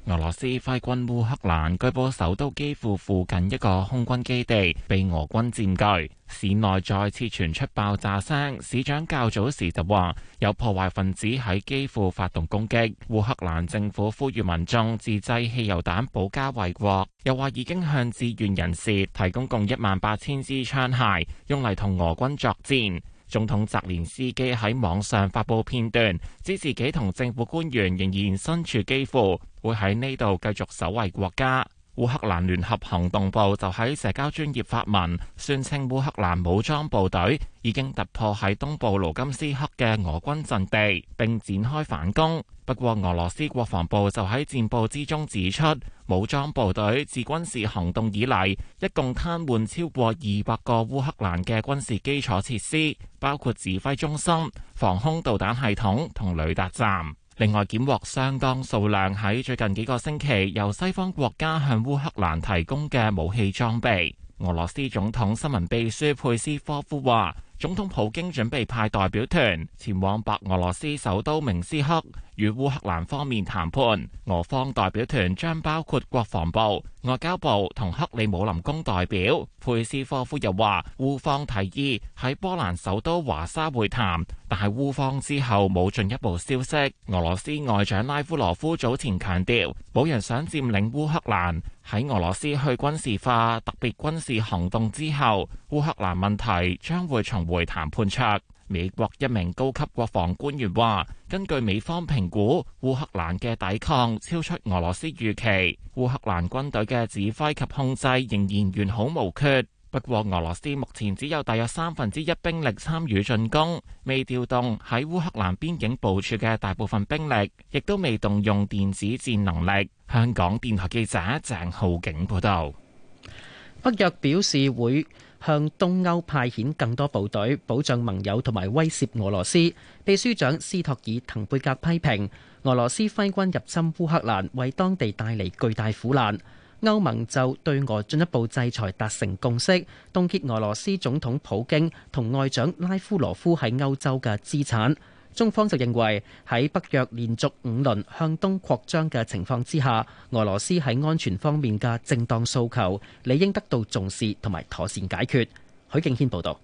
俄羅斯揮軍烏克蘭，據報首都基輔附近一個空軍基地被俄軍佔據，市內再次傳出爆炸聲。市長較早時就話有破壞分子喺基輔發動攻擊。烏克蘭政府呼籲民眾自製汽油彈保家衛國，又話已經向志願人士提供共一萬八千支槍械，用嚟同俄軍作戰。總統澤連斯基喺網上發佈片段，指自己同政府官員仍然身處基輔，會喺呢度繼續守衛國家。烏克蘭聯合行動部就喺社交專業發文，宣稱烏克蘭武裝部隊已經突破喺東部盧甘斯克嘅俄軍陣地，並展開反攻。不過俄羅斯國防部就喺戰報之中指出，武裝部隊自軍事行動以嚟，一共癱瘓超過二百個烏克蘭嘅軍事基礎設施，包括指揮中心、防空導彈系統同雷達站。另外，檢獲相當數量喺最近幾個星期由西方國家向烏克蘭提供嘅武器裝備。俄羅斯總統新聞秘書佩斯科夫話。總統普京準備派代表團前往白俄羅斯首都明斯克與烏克蘭方面談判。俄方代表團將包括國防部、外交部同克里姆林宮代表。佩斯科夫又話，烏方提議喺波蘭首都華沙會談，但係烏方之後冇進一步消息。俄羅斯外長拉夫羅夫早前強調，冇人想佔領烏克蘭。喺俄羅斯去軍事化、特別軍事行動之後，烏克蘭問題將會從會談判桌。美國一名高級國防官員話，根據美方評估，烏克蘭嘅抵抗超出俄羅斯預期。烏克蘭軍隊嘅指揮及控制仍然完好無缺。不過，俄羅斯目前只有大約三分之一兵力參與進攻，未調動喺烏克蘭邊境部署嘅大部分兵力，亦都未動用電子戰能力。香港電台記者鄭浩景報道。北約表示會。向東歐派遣更多部隊保障盟友同埋威脅俄羅斯。秘書長斯托爾滕貝格批評俄羅斯揮軍入侵烏克蘭為當地帶嚟巨大苦難，歐盟就對俄進一步制裁達成共識，凍結俄羅斯總統普京同外長拉夫羅夫喺歐洲嘅資產。中方就認為喺北約連續五輪向東擴張嘅情況之下，俄羅斯喺安全方面嘅正當訴求理應得到重視同埋妥善解決。許敬軒報導，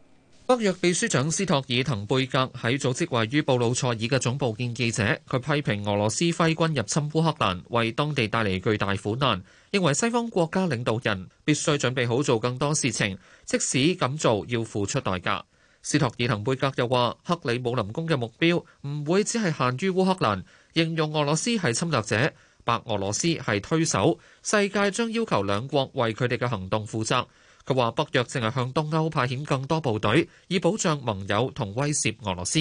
北約秘書長斯托爾滕貝格喺組織位於布魯塞爾嘅總部見記者，佢批評俄羅斯揮軍入侵烏克蘭，為當地帶嚟巨大苦難，認為西方國家領導人必須準備好做更多事情，即使咁做要付出代價。斯托爾滕貝格又話，克里姆林宮嘅目標唔會只係限於烏克蘭，形容俄羅斯係侵略者，白俄羅斯係推手，世界將要求兩國為佢哋嘅行動負責。佢話北約正係向東歐派遣更多部隊，以保障盟友同威懾俄羅斯。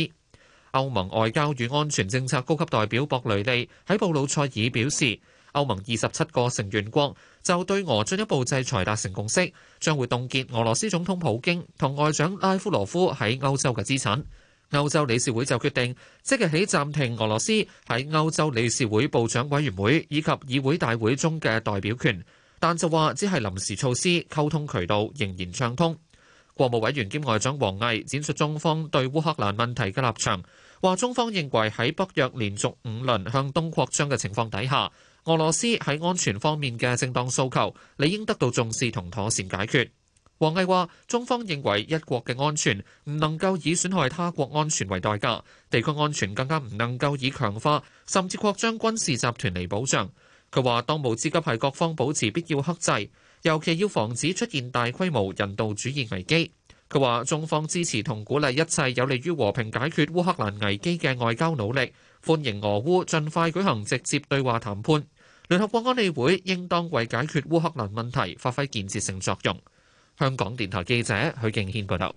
歐盟外交與安全政策高級代表博雷利喺布魯塞爾表示。歐盟二十七個成員國就對俄進一步制裁達成共識，將會凍結俄羅斯總統普京同外長拉夫羅夫喺歐洲嘅資產。歐洲理事會就決定即日起暫停俄羅斯喺歐洲理事會部長委員會以及議會大會中嘅代表權，但就話只係臨時措施，溝通渠道仍然暢通。國務委員兼外長王毅闡述中方對烏克蘭問題嘅立場，話中方認為喺北約連續五輪向東擴張嘅情況底下，俄羅斯喺安全方面嘅正當訴求，理應得到重視同妥善解決。王毅話：中方認為一國嘅安全唔能夠以損害他國安全為代價，地區安全更加唔能夠以強化甚至擴張軍事集團嚟保障。佢話：當務之急係各方保持必要克制，尤其要防止出現大規模人道主義危機。佢話：中方支持同鼓勵一切有利於和平解決烏克蘭危機嘅外交努力，歡迎俄烏盡快舉行直接對話談判。聯合國安理會應當為解決烏克蘭問題發揮建設性作用。香港電台記者許敬軒報道。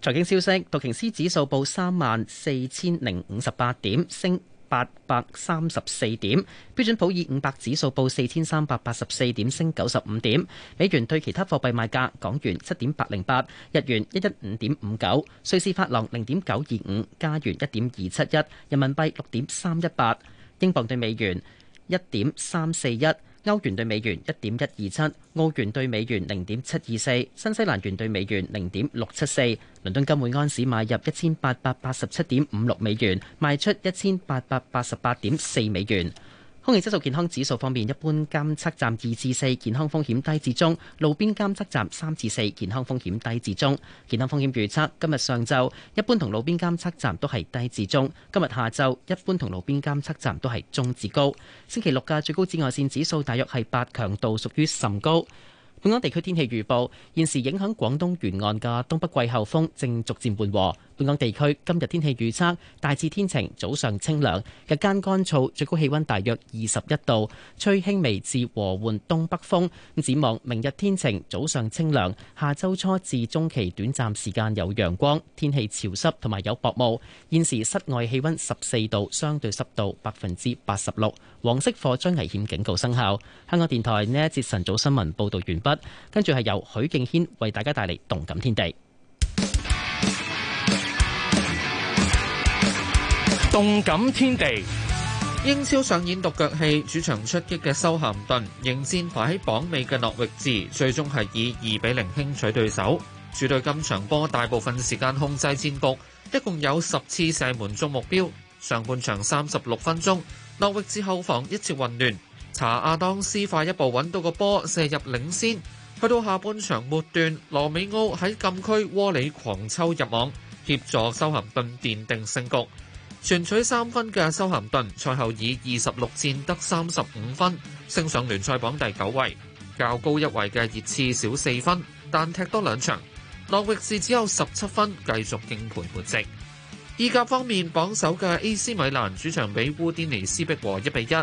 財經消息：道瓊斯指數報三萬四千零五十八點，升八百三十四點；標準普爾五百指數報四千三百八十四點，升九十五點。美元對其他貨幣賣價：港元七點八零八，日元一一五點五九，瑞士法郎零點九二五，加元一點二七一，人民幣六點三一八，英鎊兌美元。一點三四一，歐元對美元一點一二七，澳元對美元零點七二四，新西蘭元對美元零點六七四，倫敦金每安士買入一千八百八十七點五六美元，賣出一千八百八十八點四美元。空氣質素健康指數方面，一般監測站二至四，健康風險低至中；路邊監測站三至四，健康風險低至中。健康風險預測：今日上晝，一般同路邊監測站都係低至中；今日下晝，一般同路邊監測站都係中至高。星期六嘅最高紫外線指數大約係八，強度屬於甚高。本港地區天氣預報：現時影響廣東沿岸嘅東北季候風正逐漸緩和。本港地區今日天氣預測，大致天晴，早上清涼，日間乾燥，最高氣温大約二十一度，吹輕微至和緩東北風。咁展望明日天晴，早上清涼，下週初至中期短暫時間有陽光，天氣潮濕同埋有薄霧。現時室外氣温十四度，相對濕度百分之八十六。黃色火災危險警告生效。香港電台呢一節晨早新聞報導完畢，跟住係由許敬軒為大家帶嚟動感天地。動感天地，英超上演獨腳戲，主場出擊嘅修咸頓迎戰排喺榜尾嘅諾域治，最終係以二比零輕取對手。主隊今場波大部分時間控制戰局，一共有十次射門中目標。上半場三十六分鐘，諾域治後防一切混亂，查亞當斯快一步搵到個波射入領先。去到下半場末段，羅美奧喺禁區窩裏狂抽入網，協助修咸頓奠定勝局。全取三分嘅修咸頓賽後以二十六戰得三十五分，升上聯賽榜第九位，較高一位嘅熱刺少四分，但踢多兩場，諾域治只有十七分，繼續敬陪末席。意甲方面，榜首嘅 AC 米蘭主場比烏丁尼斯逼和一比一，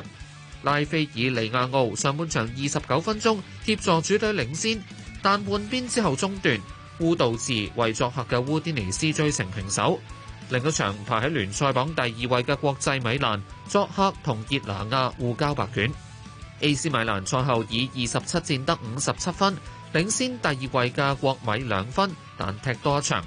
拉斐爾利亞奧上半場二十九分鐘協助主隊領先，但換邊之後中斷，烏杜治為作客嘅烏丁尼斯追成平手。另一場排喺聯賽榜第二位嘅國際米蘭作客同熱拿亞互交白卷。A.C. 米蘭賽後以二十七戰得五十七分，領先第二位嘅國米兩分，但踢多一場。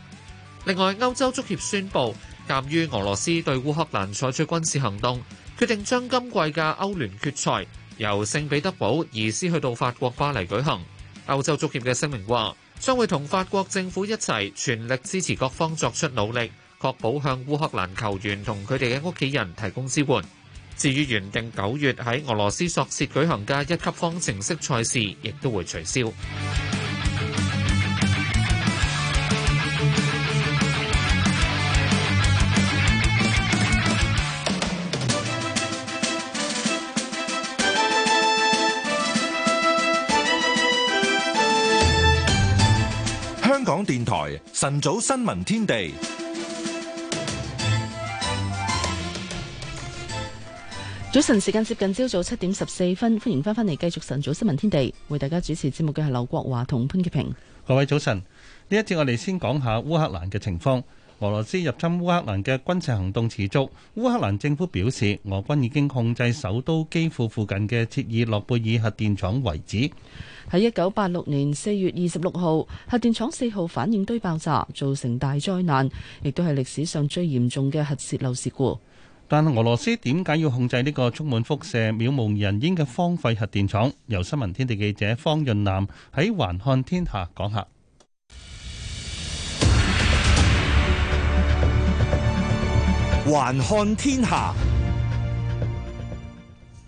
另外，歐洲足協宣布，鑑於俄羅斯對烏克蘭採取軍事行動，決定將今季嘅歐聯決賽由聖彼得堡移師去到法國巴黎舉行。歐洲足協嘅聲明話，將會同法國政府一齊全力支持各方作出努力。確保向烏克蘭球員同佢哋嘅屋企人提供支援。至於原定九月喺俄羅斯索切舉行嘅一級方程式賽事，亦都會取消。香港電台晨早新聞天地。早晨，時間接近朝早七點十四分，歡迎翻返嚟繼續晨早新聞天地。為大家主持節目嘅係劉國華同潘潔平。各位早晨，呢一節我哋先講下烏克蘭嘅情況。俄羅斯入侵烏克蘭嘅軍事行動持續，烏克蘭政府表示，俄軍已經控制首都基輔附近嘅切爾諾貝爾核電廠遺址。喺一九八六年四月二十六號，核電廠四號反應堆爆炸，造成大災難，亦都係歷史上最嚴重嘅核泄漏事故。但俄羅斯點解要控制呢個充滿輻射、渺無人煙嘅荒廢核電廠？由新聞天地記者方潤南喺《環看天下》講下。環看天下，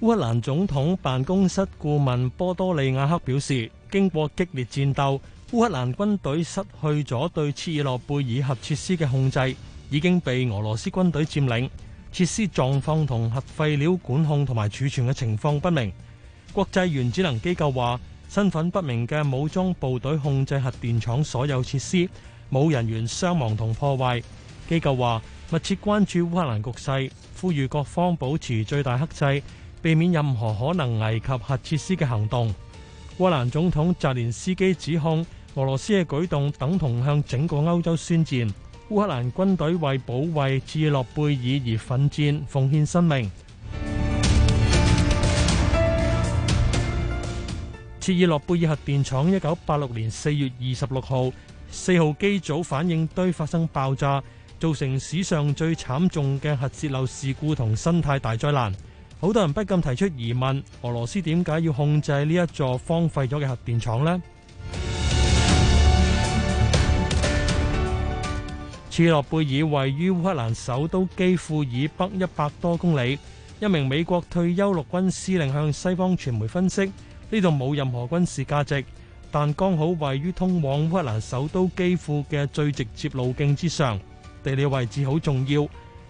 烏克蘭總統辦公室顧問波多利亞克表示，經過激烈戰鬥，烏克蘭軍隊失去咗對切爾諾貝爾核設施嘅控制，已經被俄羅斯軍隊佔領。設施狀況同核廢料管控同埋儲存嘅情況不明。國際原子能機構話，身份不明嘅武裝部隊控制核電廠所有設施，冇人員傷亡同破壞。機構話，密切關注烏克蘭局勢，呼籲各方保持最大克制，避免任何可能危及核設施嘅行動。烏克蘭總統澤連斯基指控，俄羅斯嘅舉動等同向整個歐洲宣戰。烏克蘭軍隊為保衛切爾諾貝爾而奮戰，奉獻生命。切爾諾貝爾核電廠一九八六年四月二十六號四號機組反應堆發生爆炸，造成史上最慘重嘅核洩漏事故同生態大災難。好多人不禁提出疑問：俄羅斯點解要控制呢一座荒廢咗嘅核電廠呢？切爾諾貝爾位於烏克蘭首都基輔以北一百多公里。一名美國退休陸軍司令向西方傳媒分析：呢度冇任何軍事價值，但剛好位於通往烏克蘭首都基輔嘅最直接路徑之上，地理位置好重要。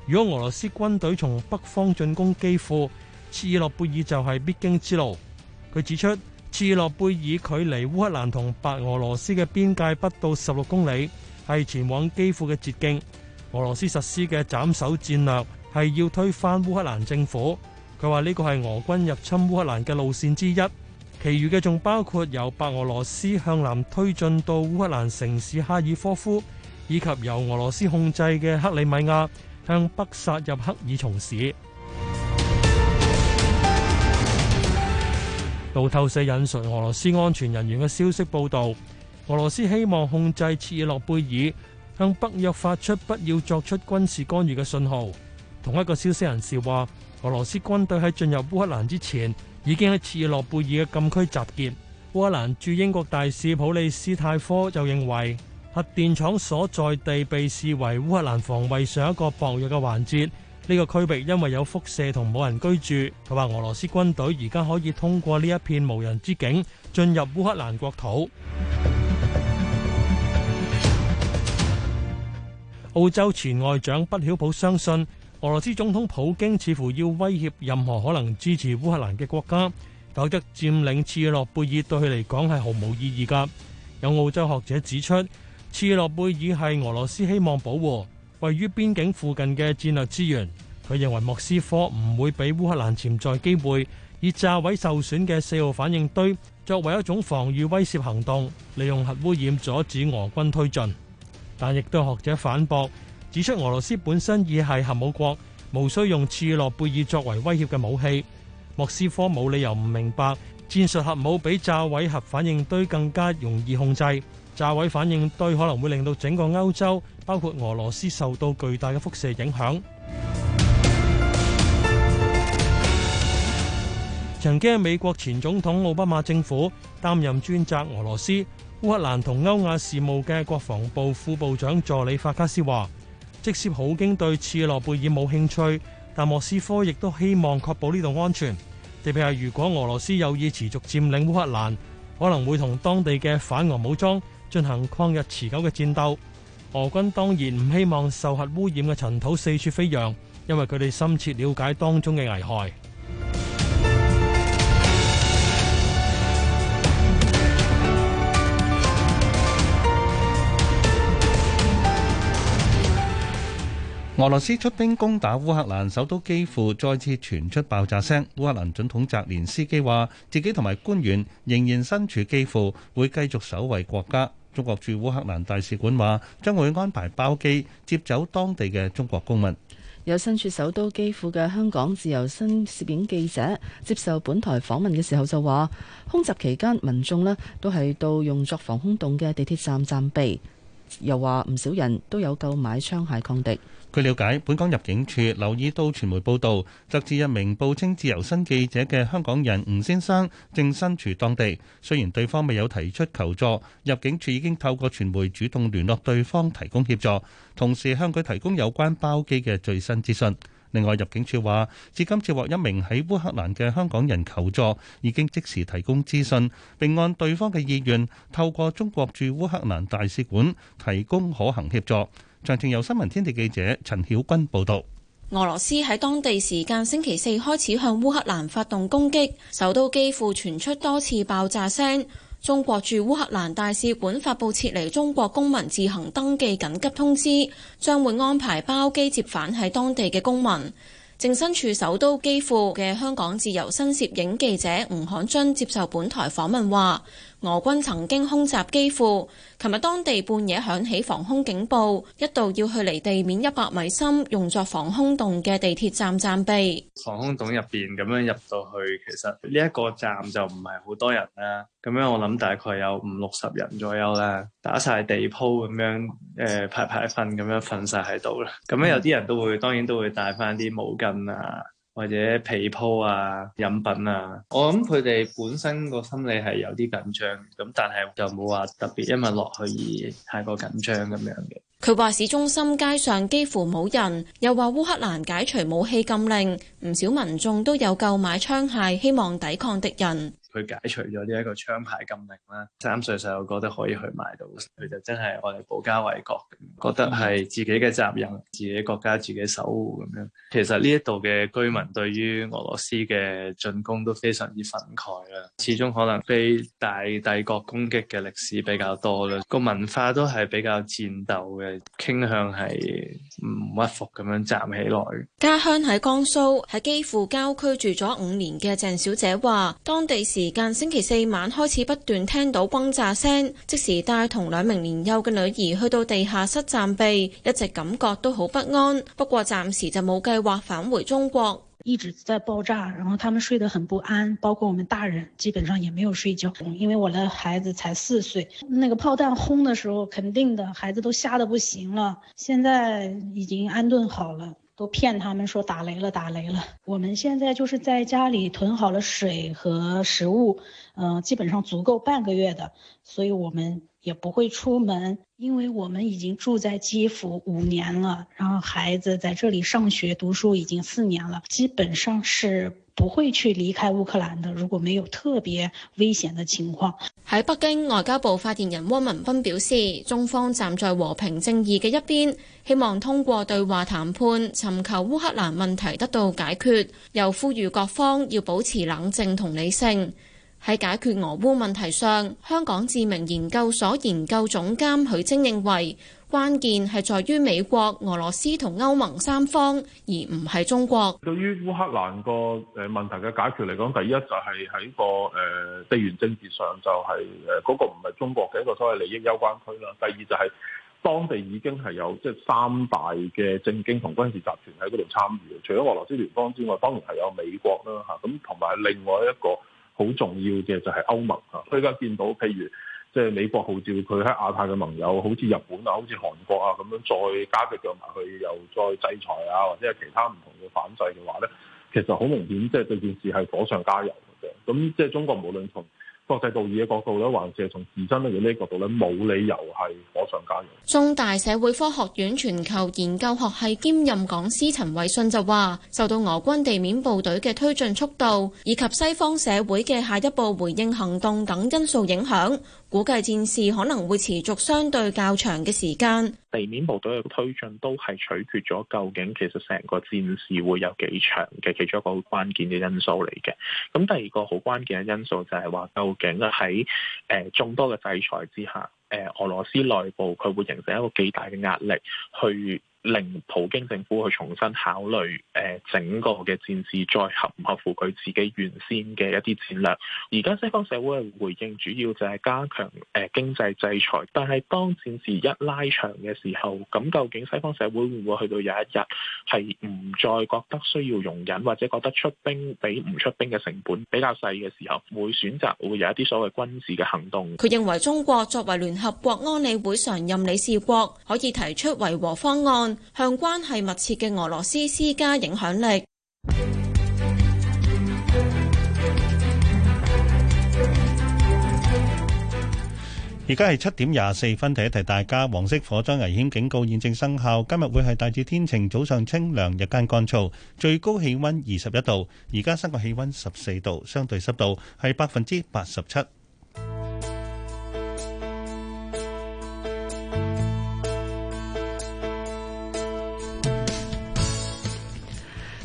如果俄羅斯軍隊從北方進攻基輔，切爾諾貝爾就係必經之路。佢指出，切爾諾貝爾距離烏克蘭同白俄羅斯嘅邊界不到十六公里。係前往基輔嘅捷徑。俄羅斯實施嘅斬首戰略係要推翻烏克蘭政府。佢話呢個係俄軍入侵烏克蘭嘅路線之一。其餘嘅仲包括由白俄羅斯向南推進到烏克蘭城市哈爾科夫，以及由俄羅斯控制嘅克里米亞向北殺入克爾松市。路透社引述俄羅斯安全人員嘅消息報道。俄羅斯希望控制切爾諾貝爾，向北約發出不要作出軍事干預嘅信號。同一個消息人士話，俄羅斯軍隊喺進入烏克蘭之前，已經喺切爾諾貝爾嘅禁區集結。烏克蘭駐英國大使普利斯泰科就認為，核電廠所在地被視為烏克蘭防衛上一個薄弱嘅環節。呢個區域因為有輻射同冇人居住，佢話俄羅斯軍隊而家可以通過呢一片無人之境進入烏克蘭國土。澳洲前外長畢曉普相信，俄羅斯總統普京似乎要威脅任何可能支持烏克蘭嘅國家，否則佔領切爾諾貝爾對佢嚟講，係毫無意義噶。有澳洲學者指出，切爾諾貝爾係俄羅斯希望保護位於邊境附近嘅戰略資源。佢認為莫斯科唔會俾烏克蘭潛在機會，以炸毀受損嘅四號反應堆作為一種防禦威懾行動，利用核污染阻止俄軍推進。但亦都有學者反駁，指出俄羅斯本身已係核武國，無需用切爾諾貝爾作為威脅嘅武器。莫斯科冇理由唔明白，戰術核武比炸毀核反應堆更加容易控制。炸毀反應堆可能會令到整個歐洲，包括俄羅斯受到巨大嘅輻射影響。 曾經美國前總統奧巴馬政府擔任專責俄羅斯烏克蘭同歐亞事務嘅國防部副部長助理法卡斯話，即使普京對切爾諾貝爾冇興趣，但莫斯科亦都希望確保呢度安全。特別係如果俄羅斯有意持續佔領烏克蘭，可能會同當地嘅反俄武裝進行曠日持久嘅戰鬥。俄軍當然唔希望受核污染嘅塵土四處飛揚，因為佢哋深切了解當中嘅危害。俄羅斯出兵攻打烏克蘭首都基輔，再次傳出爆炸聲。烏克蘭總統澤連斯基話：自己同埋官員仍然身處基輔，會繼續守衛國家。中國駐烏克蘭大使館話：將會安排包機接走當地嘅中國公民。有身處首都基輔嘅香港自由身攝影記者接受本台訪問嘅時候就話：空襲期間，民眾呢都係到用作防空洞嘅地鐵站暫避。又話唔少人都有購買槍械抗敵。據了解，本港入境處留意到傳媒報道，涉及一名報稱自由身記者嘅香港人吳先生正身處當地。雖然對方未有提出求助，入境處已經透過傳媒主動聯絡對方提供協助，同時向佢提供有關包機嘅最新資訊。另外，入境處話，至今接獲一名喺烏克蘭嘅香港人求助，已經即時提供資訊，並按對方嘅意願透過中國駐烏克蘭大使館提供可行協助。詳情由新聞天地記者陳曉君報道。俄羅斯喺當地時間星期四開始向烏克蘭發動攻擊，首都基輔傳出多次爆炸聲。中國駐烏克蘭大使館發布撤離中國公民自行登記緊急通知，將會安排包機接返喺當地嘅公民。正身處首都基輔嘅香港自由新攝影記者吳漢津接受本台訪問話。俄軍曾經空襲機庫，琴日當地半夜響起防空警報，一度要去離地面一百米深用作防空洞嘅地鐵站暫避。防空洞入邊，咁樣入到去，其實呢一個站就唔係好多人啦。咁樣我諗大概有五六十人左右啦，打晒地鋪咁樣誒、呃、排排瞓咁樣瞓晒喺度啦。咁樣有啲人都會當然都會帶翻啲毛巾啊。或者被鋪啊、飲品啊，我諗佢哋本身個心理係有啲緊張，咁但係就冇話特別因為落去而太過緊張咁樣嘅。佢話市中心街上幾乎冇人，又話烏克蘭解除武器禁令，唔少民眾都有購買槍械，希望抵抗敵人。佢解除咗呢一個槍牌禁令啦，三歲細路哥都覺得可以去買到，佢就真係我哋保家衛國，覺得係自己嘅責任，自己國家自己守護咁樣。其實呢一度嘅居民對於俄羅斯嘅進攻都非常之憤慨啦，始終可能被大帝國攻擊嘅歷史比較多啦，個文化都係比較戰鬥嘅傾向，係唔屈服咁樣站起來。家鄉喺江蘇，喺基輔郊區住咗五年嘅鄭小姐話當地時間星期四晚開始不斷聽到轟炸聲，即時帶同兩名年幼嘅女兒去到地下室暫避，一直感覺都好不安，不過暫時就冇計劃返回中國。一直在爆炸，然後他們睡得很不安，包括我們大人基本上也沒有睡覺，因為我的孩子才四歲，那個炮彈轟的時候肯定的孩子都嚇得不行了。現在已經安頓好了。都騙他們說打雷了，打雷了，我們現在就是在家裏囤好了水和食物，嗯，基本上足夠半個月的，所以我們，也不會出門，因為我們已經住在基輔五年了，然後孩子在這裏上學讀書已經四年了，基本上是不會去離開烏克蘭的。如果沒有特別危險的情況。喺北京，外交部發言人汪文斌表示，中方站在和平正義嘅一邊，希望通過對話談判尋求烏克蘭問題得到解決，又呼籲各方要保持冷靜同理性。喺解決俄烏問題上，香港智明研究所研究總監許楨認為，關鍵係在於美國、俄羅斯同歐盟三方，而唔係中國。對於烏克蘭個誒問題嘅解決嚟講，第一就係喺個誒地緣政治上，就係誒嗰個唔係中國嘅一個所謂利益攸關區啦。第二就係當地已經係有即係三大嘅政經同軍事集團喺嗰度參與，除咗俄羅斯聯邦之外，當然係有美國啦，嚇咁同埋另外一個。好重要嘅就係歐盟啊，佢而家見到譬如即係、就是、美國號召佢喺亞太嘅盟友，好似日本啊、好似韓國啊咁樣再加隻腳埋去，又再制裁啊，或者係其他唔同嘅反制嘅話咧，其實好明顯即係對件事係火上加油嘅啫。咁即係中國無論同國際道義嘅角度呢，還是係從自身嘅呢個角度呢，冇理由係火上加油。中大社會科學院全球研究學系兼任講師陳偉信就話：受到俄軍地面部隊嘅推進速度，以及西方社會嘅下一步回應行動等因素影響。估計戰事可能會持續相對較長嘅時間，地面部隊嘅推進都係取決咗究竟其實成個戰事會有幾長嘅其中一個好關鍵嘅因素嚟嘅。咁第二個好關鍵嘅因素就係話，究竟喺誒眾多嘅制裁之下，誒、呃、俄羅斯內部佢會形成一個幾大嘅壓力去。令普京政府去重新考慮誒整個嘅戰事，再合唔合乎佢自己原先嘅一啲戰略。而家西方社會嘅回應主要就係加強誒經濟制裁。但係當戰事一拉長嘅時候，咁究竟西方社會會唔會去到有一日係唔再覺得需要容忍，或者覺得出兵比唔出兵嘅成本比較細嘅時候，會選擇會有一啲所謂軍事嘅行動？佢認為中國作為聯合國安理會常任理事國可以提出維和方案。向關係密切嘅俄羅斯施加影響力。而家係七點廿四分，提一提大家，黃色火災危險警告現正生效。今日會係大致天晴，早上清涼，日間乾燥，最高氣溫二十一度。而家室外氣溫十四度，相對濕度係百分之八十七。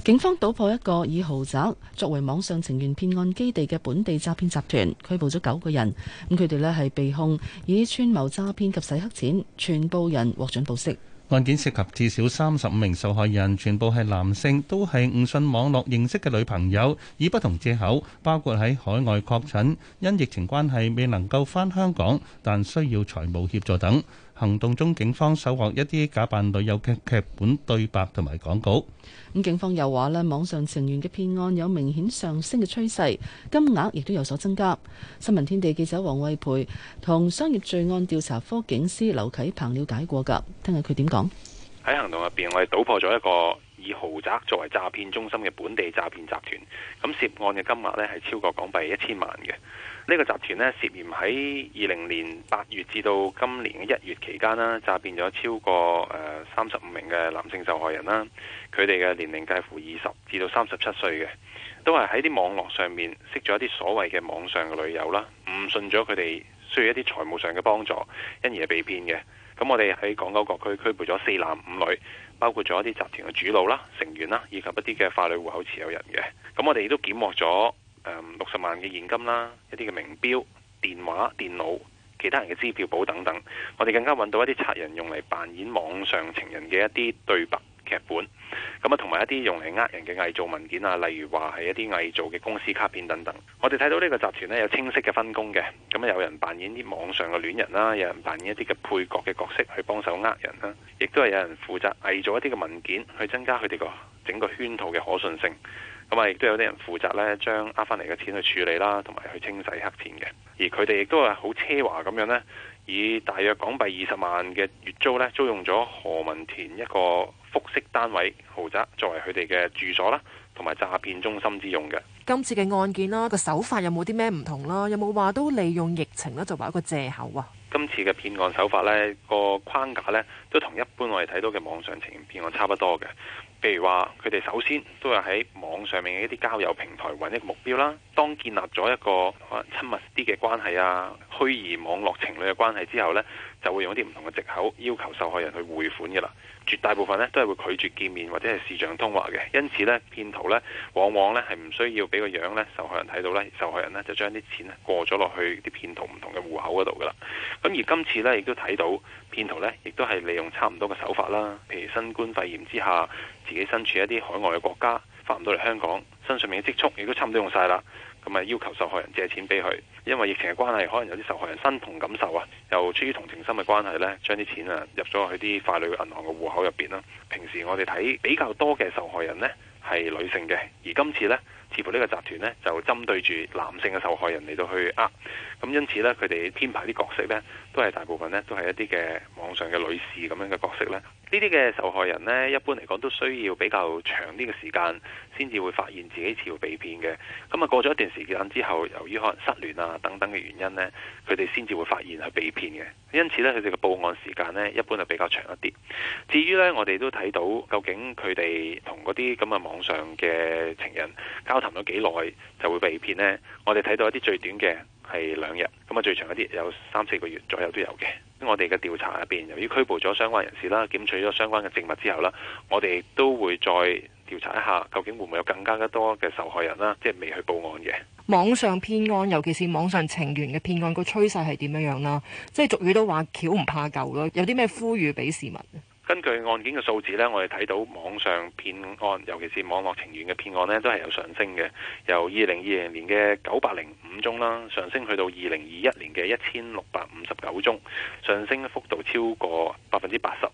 警方搗破一個以豪宅作為網上情緣騙案基地嘅本地詐騙集團，拘捕咗九個人。咁佢哋呢，係被控以串謀詐騙及洗黑錢，全部人獲准保釋。案件涉及至少三十五名受害人，全部係男性，都係誤信網絡認識嘅女朋友，以不同借口，包括喺海外確診、因疫情關係未能夠返香港，但需要財務協助等。行動中，警方搜獲一啲假扮女友嘅劇本對白同埋廣告。咁警方又話呢，網上情緣嘅騙案有明顯上升嘅趨勢，金額亦都有所增加。新聞天地記者王惠培同商業罪案調查科警司劉啟鵬了解過㗎，聽下佢點講。喺行動入邊，我哋搗破咗一個以豪宅作為詐騙中心嘅本地詐騙集團，咁涉案嘅金額呢係超過港幣一千萬嘅。呢個集團呢，涉嫌喺二零年八月至到今年嘅一月期間啦，詐騙咗超過誒三十五名嘅男性受害人啦，佢哋嘅年齡介乎二十至到三十七歲嘅，都係喺啲網絡上面識咗一啲所謂嘅網上嘅女友啦，誤信咗佢哋需要一啲財務上嘅幫助，因而係被騙嘅。咁我哋喺港九各區拘捕咗四男五女，包括咗一啲集團嘅主腦啦、成員啦，以及一啲嘅法律戶口持有人嘅。咁我哋亦都檢獲咗。六十萬嘅現金啦，一啲嘅名錶、電話、電腦，其他人嘅支票簿等等。我哋更加揾到一啲賊人用嚟扮演網上情人嘅一啲對白劇本，咁啊，同埋一啲用嚟呃人嘅偽造文件啊，例如話係一啲偽造嘅公司卡片等等。我哋睇到呢個集團呢，有清晰嘅分工嘅，咁啊有人扮演啲網上嘅戀人啦，有人扮演一啲嘅配角嘅角色去幫手呃人啦，亦都係有人負責偽造一啲嘅文件去增加佢哋個整個圈套嘅可信性。咁啊，亦都有啲人負責咧，將呃翻嚟嘅錢去處理啦，同埋去清洗黑錢嘅。而佢哋亦都係好奢華咁樣呢，以大約港幣二十萬嘅月租呢，租用咗何文田一個複式單位豪宅作為佢哋嘅住所啦，同埋詐騙中心之用嘅。今次嘅案件啦，個手法有冇啲咩唔同啦？有冇話都利用疫情呢作為一個借口啊？今次嘅騙案手法呢，個框架呢，都同一般我哋睇到嘅網上情騙案差唔多嘅。譬如話，佢哋首先都係喺網上面嘅一啲交友平台揾一個目標啦。當建立咗一個可能親密啲嘅關係啊，虛擬網絡情侶嘅關係之後呢。就會用一啲唔同嘅藉口要求受害人去匯款嘅啦，絕大部分呢都係會拒絕見面或者係視像通話嘅，因此呢騙徒呢往往呢係唔需要俾個樣呢，受害人睇到呢，受害人呢就將啲錢呢過咗落去啲騙徒唔同嘅戶口嗰度噶啦。咁而今次呢亦都睇到騙徒呢亦都係利用差唔多嘅手法啦，譬如新冠肺炎之下自己身處一啲海外嘅國家，返唔到嚟香港，身上面嘅積蓄亦都差唔多用晒啦。咁咪要求受害人借錢俾佢，因為疫情嘅關係，可能有啲受害人身同感受啊，又出於同情心嘅關係呢，將啲錢啊入咗去啲快女銀行嘅戶口入邊啦。平時我哋睇比較多嘅受害人呢係女性嘅，而今次呢，似乎呢個集團呢就針對住男性嘅受害人嚟到去呃，咁因此呢，佢哋編排啲角色呢都係大部分呢都係一啲嘅網上嘅女士咁樣嘅角色呢。呢啲嘅受害人呢，一般嚟講都需要比較長啲嘅時間。先至會發現自己似會被騙嘅，咁啊過咗一段時間之後，由於可能失聯啊等等嘅原因呢，佢哋先至會發現係被騙嘅。因此呢，佢哋嘅報案時間呢，一般係比較長一啲。至於呢，我哋都睇到究竟佢哋同嗰啲咁嘅網上嘅情人交談咗幾耐就會被騙呢？我哋睇到一啲最短嘅係兩日，咁啊最長一啲有三四個月左右都有嘅。我哋嘅調查入邊，由於拘捕咗相關人士啦，檢取咗相關嘅證物之後啦，我哋都會再，調查一下，究竟會唔會有更加多嘅受害人啦？即係未去報案嘅網上騙案，尤其是網上情緣嘅騙案，個趨勢係點樣樣啦？即係俗語都話橋唔怕舊咯，有啲咩呼籲俾市民？根據案件嘅數字呢，我哋睇到網上騙案，尤其是網絡情緣嘅騙案呢，都係有上升嘅。由二零二零年嘅九百零五宗啦，上升去到二零二一年嘅一千六百五十九宗，上升嘅幅度超過百分之八十。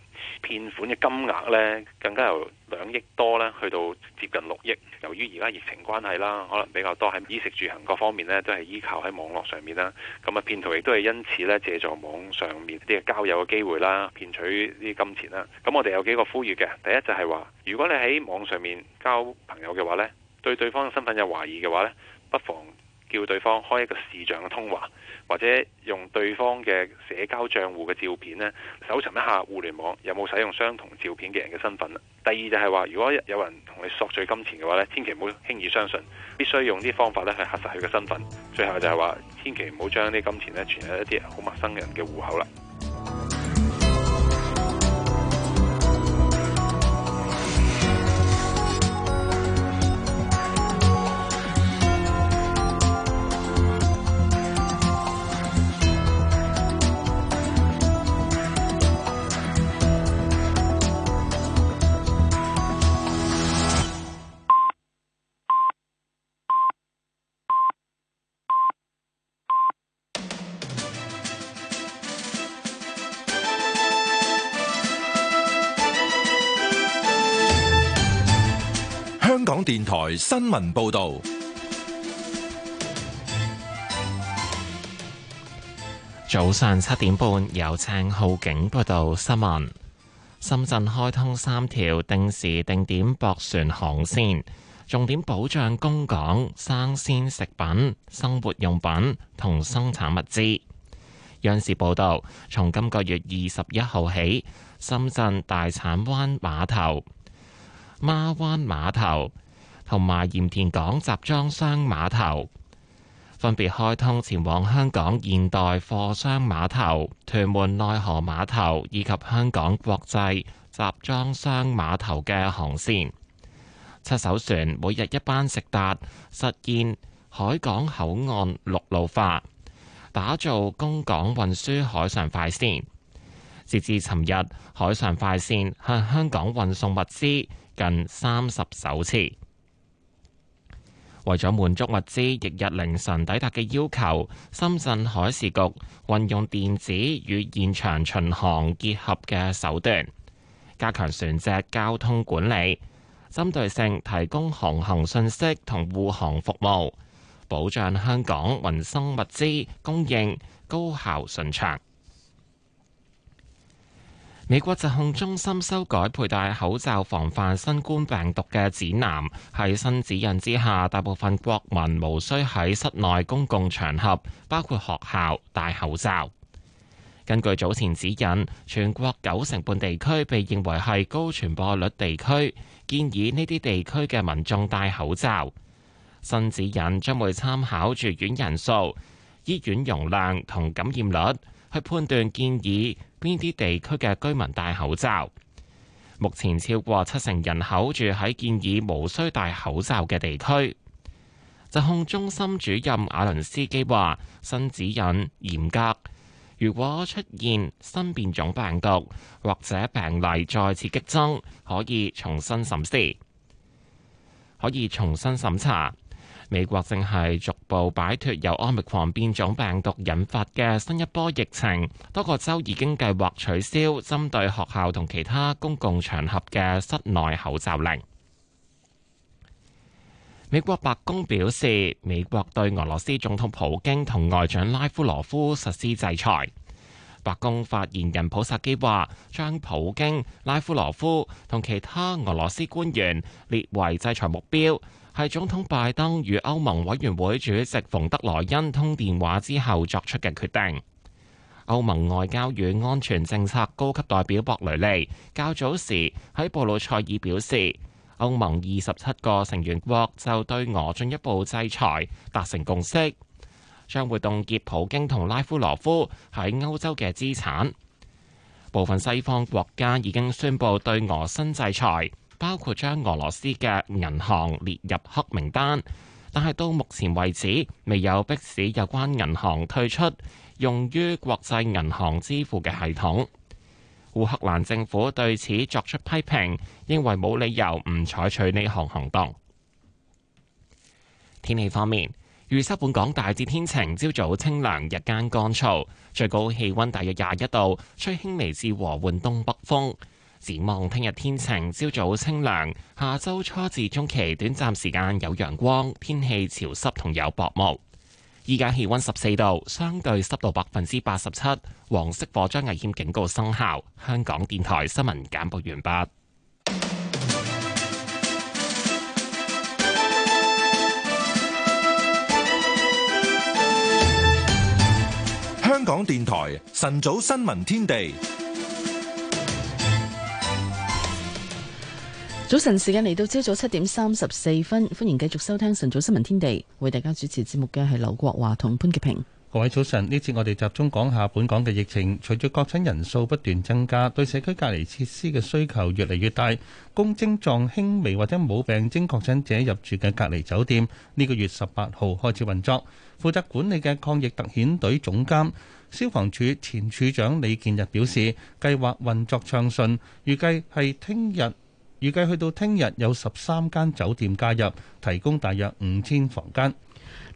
騙款嘅金額呢，更加由兩億多呢去到接近六億。由於而家疫情關係啦，可能比較多喺衣食住行各方面呢，都係依靠喺網絡上面啦。咁啊，騙徒亦都係因此呢，借助網上面啲交友嘅機會啦，騙取啲金錢啦。咁我哋有幾個呼籲嘅，第一就係話，如果你喺網上面交朋友嘅話呢，對對方嘅身份有懷疑嘅話呢，不妨叫對方開一個視像嘅通話，或者用對方嘅社交賬戶嘅照片呢，搜尋一下互聯網有冇使用相同照片嘅人嘅身份。第二就係話，如果有人同你索取金錢嘅話呢，千祈唔好輕易相信，必須用啲方法呢去核實佢嘅身份。最後就係話，千祈唔好將啲金錢呢存入一啲好陌生的人嘅戶口啦。電台新聞報道，早上七點半，由青浩景報道新聞。深圳開通三條定時定點駁船航綫，重點保障供港生鮮食品、生活用品同生產物資。央視報道，從今個月二十一號起，深圳大鏟灣碼頭、孖灣碼頭。同埋鹽田港集裝箱碼頭分別開通前往香港現代貨箱碼頭、屯門內河碼頭以及香港國際集裝箱碼頭嘅航綫。七艘船每日一班直達，實現海港口岸陸路化，打造公港運輸海上快綫。截至尋日，海上快綫向香港運送物資近三十艘次。為咗滿足物資翌日凌晨抵達嘅要求，深圳海事局運用電子與現場巡航結合嘅手段，加強船隻交通管理，針對性提供航行信息同護航服務，保障香港民生物資供應高效順暢。美國疾控中心修改佩戴口罩防範新冠病毒嘅指南，喺新指引之下，大部分國民無需喺室內公共場合，包括學校戴口罩。根據早前指引，全國九成半地區被認為係高傳播率地區，建議呢啲地區嘅民眾戴口罩。新指引將會參考住院人數、醫院容量同感染率去判斷建議。邊啲地區嘅居民戴口罩？目前超過七成人口住喺建議無需戴口罩嘅地區。疾控中心主任瓦倫斯基話：新指引嚴格，如果出現新變種病毒或者病例再次激增，可以重新審視，可以重新審查。美國正係逐步擺脫由奧密克戎變種病毒引發嘅新一波疫情，多個州已經計劃取消針對學校同其他公共場合嘅室內口罩令。美國白宮表示，美國對俄羅斯總統普京同外長拉夫羅夫實施制裁。白宮發言人普薩基話，將普京、拉夫羅夫同其他俄羅斯官員列為制裁目標。係總統拜登與歐盟委員會主席馮德萊恩通電話之後作出嘅決定。歐盟外交與安全政策高級代表博雷利，較早時喺布魯塞爾表示，歐盟二十七個成員國就對俄進一步制裁達成共識，將會凍結普京同拉夫羅夫喺歐洲嘅資產。部分西方國家已經宣布對俄新制裁，包括將俄羅斯嘅銀行列入黑名單，但係到目前為止未有迫使有關銀行退出用於國際銀行支付嘅系統。烏克蘭政府對此作出批評，認為冇理由唔採取呢項行動。天氣方面，預測本港大致天晴，朝早清涼，日間乾燥，最高氣温大約廿一度，吹輕微至和緩東北風。展望聽日天晴，朝早清涼。下周初至中期短暫時間有陽光，天氣潮濕同有薄霧。依家氣溫十四度，相對濕度百分之八十七，黃色火災危險警告生效。香港電台新聞簡報完畢。香港電台晨早新聞天地。早晨時間嚟到，朝早七點三十四分，歡迎繼續收聽晨早新聞天地。為大家主持節目嘅係劉國華同潘潔平。各位早晨，呢次我哋集中講下本港嘅疫情。隨住確診人數不斷增加，對社區隔離設施嘅需求越嚟越大。公症狀輕微或者冇病徵確診者入住嘅隔離酒店，呢、這個月十八號開始運作。負責管理嘅抗疫特遣隊總監、消防署前處長李建日表示，計劃運作暢順，預計係聽日。預計去到聽日有十三間酒店加入，提供大約五千房間。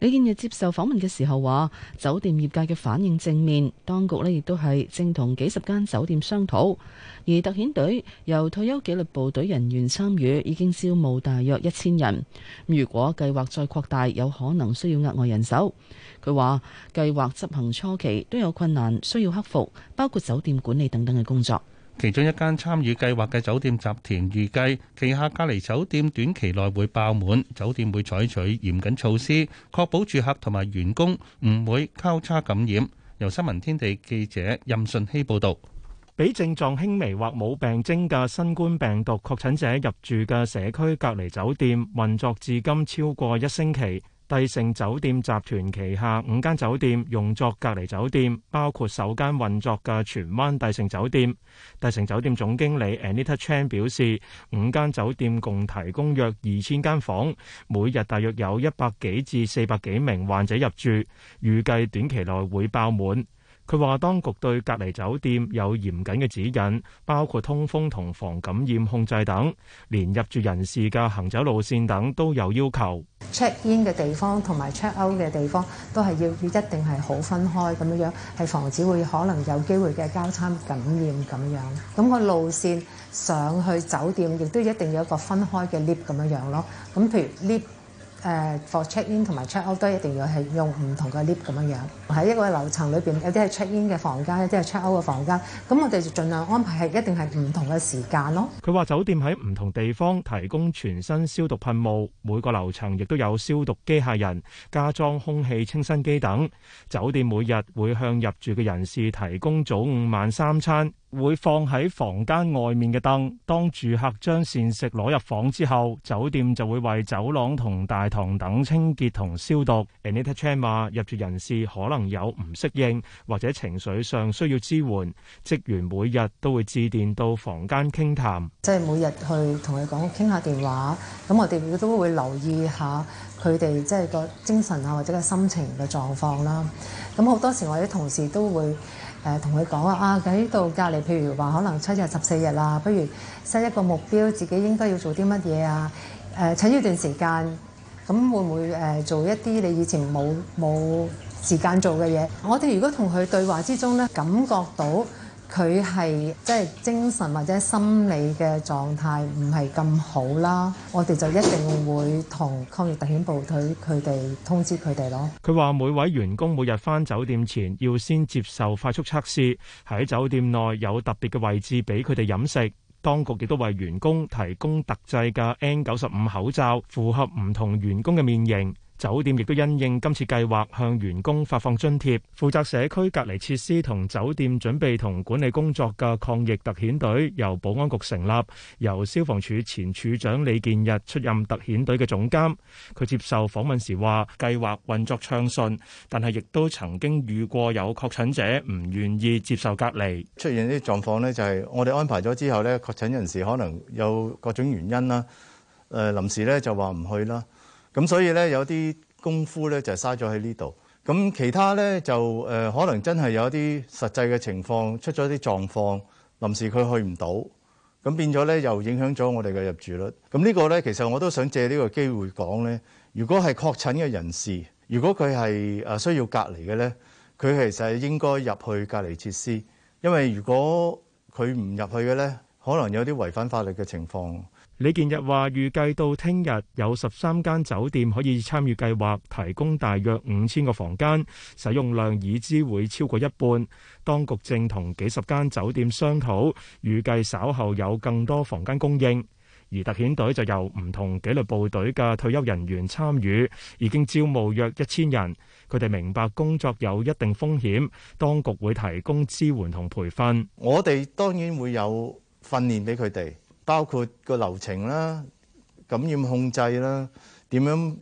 李建業接受訪問嘅時候話：酒店業界嘅反應正面，當局咧亦都係正同幾十間酒店商討，而特遣隊由退休紀律部隊人員參與，已經招募大約一千人。如果計劃再擴大，有可能需要額外人手。佢話：計劃執行初期都有困難需要克服，包括酒店管理等等嘅工作。其中一間參與計劃嘅酒店集團預計，旗下隔離酒店短期內會爆滿，酒店會採取嚴謹措施，確保住客同埋員工唔會交叉感染。由新聞天地記者任順希報導，俾症狀輕微或冇病徵嘅新冠病毒確診者入住嘅社區隔離酒店運作至今超過一星期。帝盛酒店集團旗下五間酒店用作隔離酒店，包括首間運作嘅荃灣帝盛酒店。帝盛酒店總經理 Anita Chang 表示，五間酒店共提供約二千間房，每日大約有一百幾至四百幾名患者入住，預計短期內會爆滿。。佢話：當局對隔離酒店有嚴謹嘅指引，包括通風同防感染控制等，連入住人士嘅行走路線等都有要求。Check in 嘅地方同埋 check out 嘅地方都係要一定係好分開咁樣樣，係防止會可能有機會嘅交叉感染咁樣。咁個路線上去酒店亦都一定有一個分開嘅 lift。誒，for check in 同埋 check out 都一定要係用唔同嘅 lift 咁樣樣，喺一個樓層裏邊有啲係 check in 嘅房間，有啲係 check out 嘅房間，咁我哋就盡量安排係一定係唔同嘅時間咯。佢話酒店喺唔同地方提供全身消毒噴霧，每個樓層亦都有消毒機械人、加裝空氣清新機等。酒店每日會向入住嘅人士提供早午晚三餐。會放喺房間外面嘅燈，當住客將膳食攞入房之後，酒店就會為走廊同大堂等清潔同消毒。Anita Chan 話，入住人士可能有唔適應或者情緒上需要支援，職員每日都會致電到房間傾談，即係每日去同佢講傾下電話，咁我哋都會留意下佢哋即係個精神啊或者個心情嘅狀況啦。咁好多時我哋同事都會。誒同佢講話啊喺度隔離，譬如話可能七日十四日啦，不如 set 一個目標，自己應該要做啲乜嘢啊？誒、呃，趁呢段時間，咁會唔會誒、呃、做一啲你以前冇冇時間做嘅嘢？我哋如果同佢對話之中咧，感覺到。佢係即係精神或者心理嘅狀態唔係咁好啦，我哋就一定會同抗疫特遣部隊佢哋通知佢哋咯。佢話：每位員工每日返酒店前要先接受快速測試，喺酒店內有特別嘅位置俾佢哋飲食。當局亦都為員工提供特製嘅 N95 口罩，符合唔同員工嘅面型。酒店亦都因應今次計劃向員工發放津貼。負責社區隔離設施同酒店準備同管理工作嘅抗疫特遣隊由保安局成立，由消防處前處長李建日出任特遣隊嘅總監。佢接受訪問時話，計劃運作暢順，但係亦都曾經遇過有確診者唔願意接受隔離，出現呢啲狀況呢，就係我哋安排咗之後呢，確診人士可能有各種原因啦，誒，臨時呢就話唔去啦。咁所以咧有啲功夫咧就嘥咗喺呢度，咁其他咧就誒、呃、可能真係有啲實際嘅情況出咗啲狀況，臨時佢去唔到，咁變咗咧又影響咗我哋嘅入住率。咁呢個咧其實我都想借個呢個機會講咧，如果係確診嘅人士，如果佢係誒需要隔離嘅咧，佢其實應該入去隔離設施，因為如果佢唔入去嘅咧，可能有啲違反法律嘅情況。李建日話：預計到聽日有十三間酒店可以參與計劃，提供大約五千個房間，使用量已知會超過一半。當局正同幾十間酒店商討，預計稍後有更多房間供應。而特遣隊就由唔同紀律部隊嘅退休人員參與，已經招募約一千人。佢哋明白工作有一定風險，當局會提供支援同培訓。我哋當然會有訓練俾佢哋。包括個流程啦、感染控制啦、點樣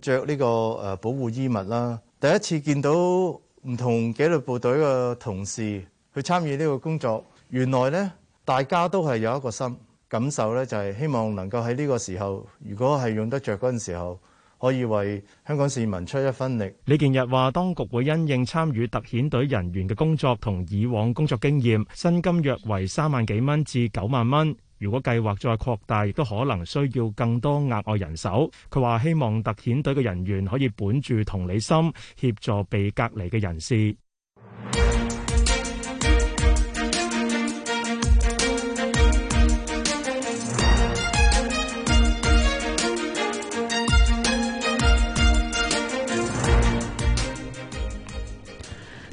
著呢個誒保護衣物啦。第一次見到唔同紀律部隊嘅同事去參與呢個工作，原來咧大家都係有一個心感受咧，就係希望能夠喺呢個時候，如果係用得著嗰陣時候，可以為香港市民出一分力。李健日話，當局會因應參與特遣隊人員嘅工作同以往工作經驗，薪金約為三萬幾蚊至九萬蚊。如果計劃再擴大，亦都可能需要更多額外人手。佢話：希望特遣隊嘅人員可以本住同理心，協助被隔離嘅人士。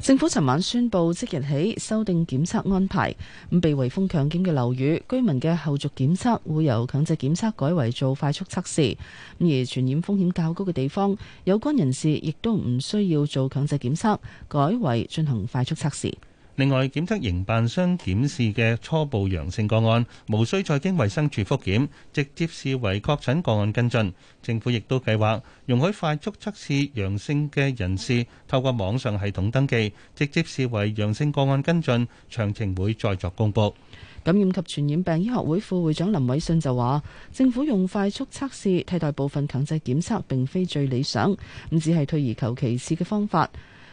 政府尋晚宣布，即日起修訂檢測安排。被圍封強檢嘅樓宇居民嘅後續檢測會由強制檢測改為做快速測試。而傳染風險較高嘅地方，有關人士亦都唔需要做強制檢測，改為進行快速測試。另外，檢測營辦商檢視嘅初步陽性個案，無需再經衛生署復檢，直接視為確診個案跟進。政府亦都計劃容許快速測試陽性嘅人士透過網上系統登記，直接視為陽性個案跟進，詳情會再作公佈。感染及傳染病醫學會副會長林偉信就話，政府用快速測試替代部分強制檢測，並非最理想，咁只係退而求其次嘅方法。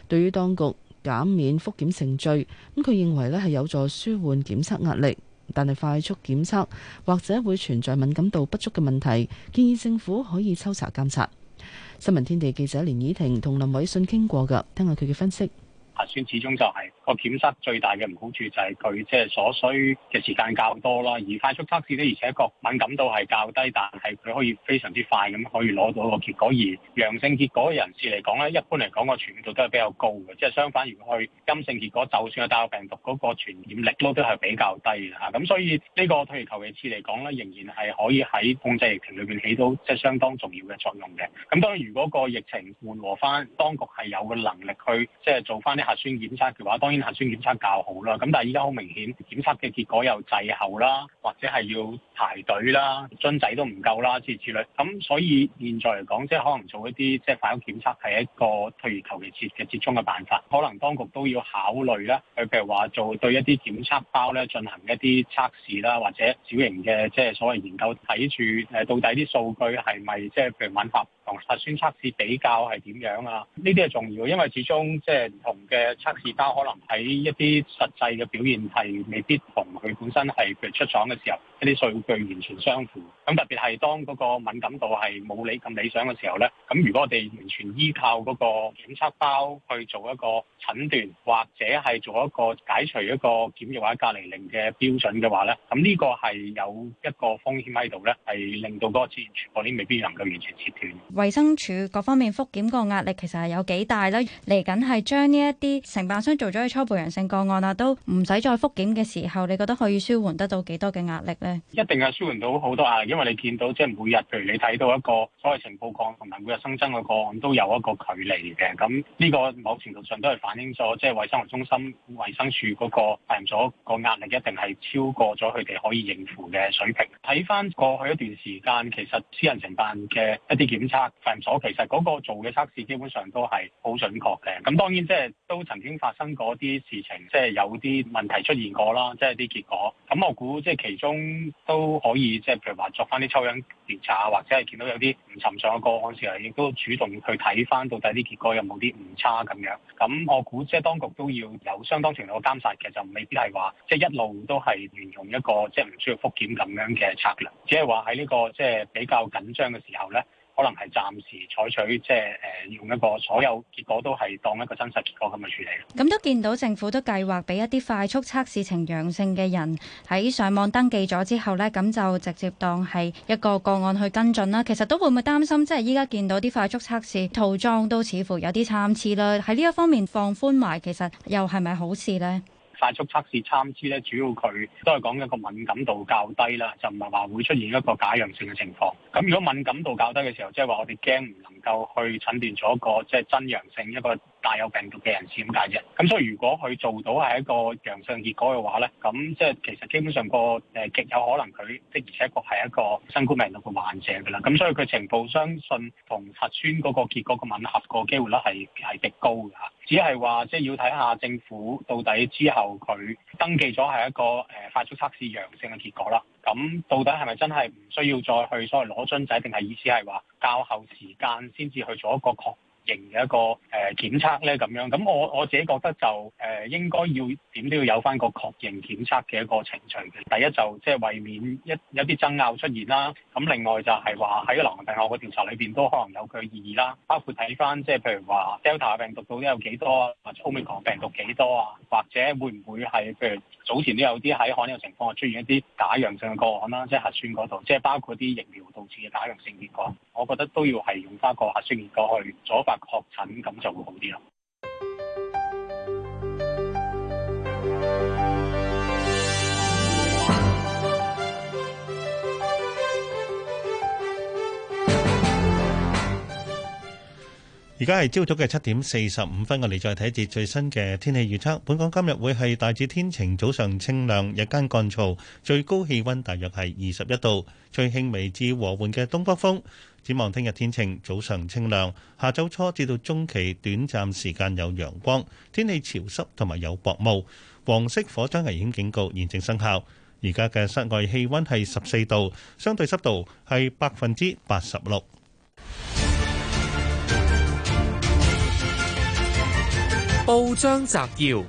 對於當局減免復檢程序，咁佢認為呢係有助舒緩檢測壓力，但係快速檢測或者會存在敏感度不足嘅問題，建議政府可以抽查監察。新聞天地記者連以婷同林偉信傾過噶，聽下佢嘅分析。核酸始終就係、是。個檢測最大嘅唔好處就係佢即係所需嘅時間較多啦，而快速測試呢，而且個敏感度係較低，但係佢可以非常之快咁可以攞到個結果。而陽性結果嘅人士嚟講咧，一般嚟講個傳染度都係比較高嘅，即係相反，如果去陰性結果，就算係帶有病毒嗰個傳染力都都係比較低嘅嚇。咁所以個呢個退而求其次嚟講咧，仍然係可以喺控制疫情裏邊起到即係相當重要嘅作用嘅。咁當然，如果個疫情緩和翻，當局係有個能力去即係做翻啲核酸檢測嘅話，當然。核酸檢測較好啦，咁但係依家好明顯，檢測嘅結果又滯後啦，或者係要排隊啦，樽仔都唔夠啦，諸如此類，咁所以現在嚟講，即係可能做一啲即係快篩檢測係一個退而求其次嘅折中嘅辦法，可能當局都要考慮啦，佢譬如話做對一啲檢測包呢進行一啲測試啦，或者小型嘅即係所謂研究睇住誒到底啲數據係咪即係譬如快篩同核酸測試比較係點樣啊？呢啲係重要，因為始終即係唔同嘅測試包可能。喺一啲實際嘅表現係未必同佢本身係譬如出廠嘅時候，一啲數據完全相符。咁特別係當嗰個敏感度係冇你咁理想嘅時候咧，咁如果我哋完全依靠嗰個檢測包去做一個診斷，或者係做一個解除一個檢疫或者隔離令嘅標準嘅話咧，咁呢個係有一個風險喺度咧，係令到嗰個資源全部啲未必能夠完全切斷。衞生署各方面覆檢個壓力其實係有幾大咧，嚟緊係將呢一啲承辦商做咗初步陽性個案啊，都唔使再覆檢嘅時候，你覺得可以舒緩得到幾多嘅壓力呢？一定係舒緩到好多壓力，因為你見到即係每日，譬如你睇到一個所謂呈報個案同埋每日新增個個案，都有一個距離嘅。咁呢個某程度上都係反映咗，即係衛生防護中心、衛生署嗰個化驗所個壓力，一定係超過咗佢哋可以應付嘅水平。睇翻過去一段時間，其實私人承辦嘅一啲檢測化驗所，其實嗰個做嘅測試基本上都係好準確嘅。咁當然即係都曾經發生過一啲。啲事情即係有啲問題出現過啦，即係啲結果。咁我估即係其中都可以，即係譬如話作翻啲抽樣調查或者係見到有啲唔尋常嘅個案時，亦都主動去睇翻到底啲結果有冇啲誤差咁樣。咁我估即係當局都要有相當程度嘅監察，其實就未必係話即係一路都係沿用一個即係唔需要復檢咁樣嘅策略，只係話喺呢個即係比較緊張嘅時候咧。可能係暫時採取即係誒用一個所有結果都係當一個真實結果咁去處理。咁、嗯、都見到政府都計劃俾一啲快速測試呈陽性嘅人喺上網登記咗之後呢，咁就直接當係一個個案去跟進啦。其實都會唔會擔心，即係依家見到啲快速測試套裝都似乎有啲參差啦。喺呢一方面放寬埋，其實又係咪好事呢？快速測試參差咧，主要佢都係講一個敏感度較低啦，就唔係話會出現一個假陽性嘅情況。咁如果敏感度較低嘅時候，即係話我哋驚唔能就去診斷咗一個即係，就是，真陽性一個帶有病毒嘅人士咁解啫。咁所以如果佢做到係一個陽性結果嘅話咧，咁即係其實基本上個誒極有可能佢即而且確係一個新冠病毒嘅患者噶啦。咁所以佢情報相信同核酸嗰個結果嘅吻合個機會率係係極高㗎嚇。只係話即係要睇下政府到底之後佢登記咗係一個誒快速測試陽性嘅結果啦。咁到底係咪真係唔需要再去所謂攞樽仔，定係意思係話較後時間先至去做一個確型嘅一個誒檢測咧咁樣，咁我我自己覺得就誒、呃、應該要點都要有翻個確認檢測嘅一個程序。第一就即係為免一,一有啲爭拗出現啦，咁另外就係話喺流行病學個調查裏邊都可能有佢意義啦。包括睇翻即係譬如話 Delta 病毒到底有幾多，或者 Omicron 病毒幾多啊？或者會唔會係譬如早前都有啲喺罕有情況出現一啲假陽性嘅個案啦？即、就、係、是、核酸嗰度，即、就、係、是、包括啲疫苗導致嘅假陽性結果，我覺得都要係用翻個核酸結果去阻。確診咁就會好啲啦，而家係朝早嘅七點四十五分，我哋再睇一節最新嘅天氣預測。本港今日會係大致天晴，早上清涼，日間乾燥，最高氣溫大約係二十一度，吹輕微至和緩嘅東北風。展望聽日天晴，早上清亮，下晝初至到中期短暫時間有陽光，天氣潮濕同埋有薄霧，黃色火災危險警告現正生效。而家嘅室外氣溫係十四度，相對濕度係百分之八十六。報章摘要。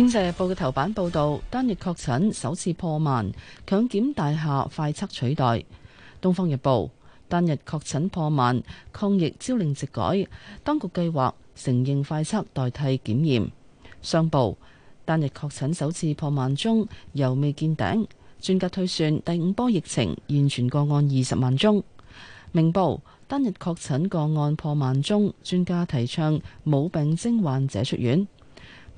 經濟日報嘅頭版報道，單日確診首次破萬，強檢大廈快測取代。東方日報，單日確診破萬，抗疫朝令夕改，當局計劃承認快測代替檢驗。商報，單日確診首次破萬宗，又未見頂，專家推算第五波疫情現存個案二十萬宗。明報，單日確診個案破萬宗，專家提倡冇病徵患者出院。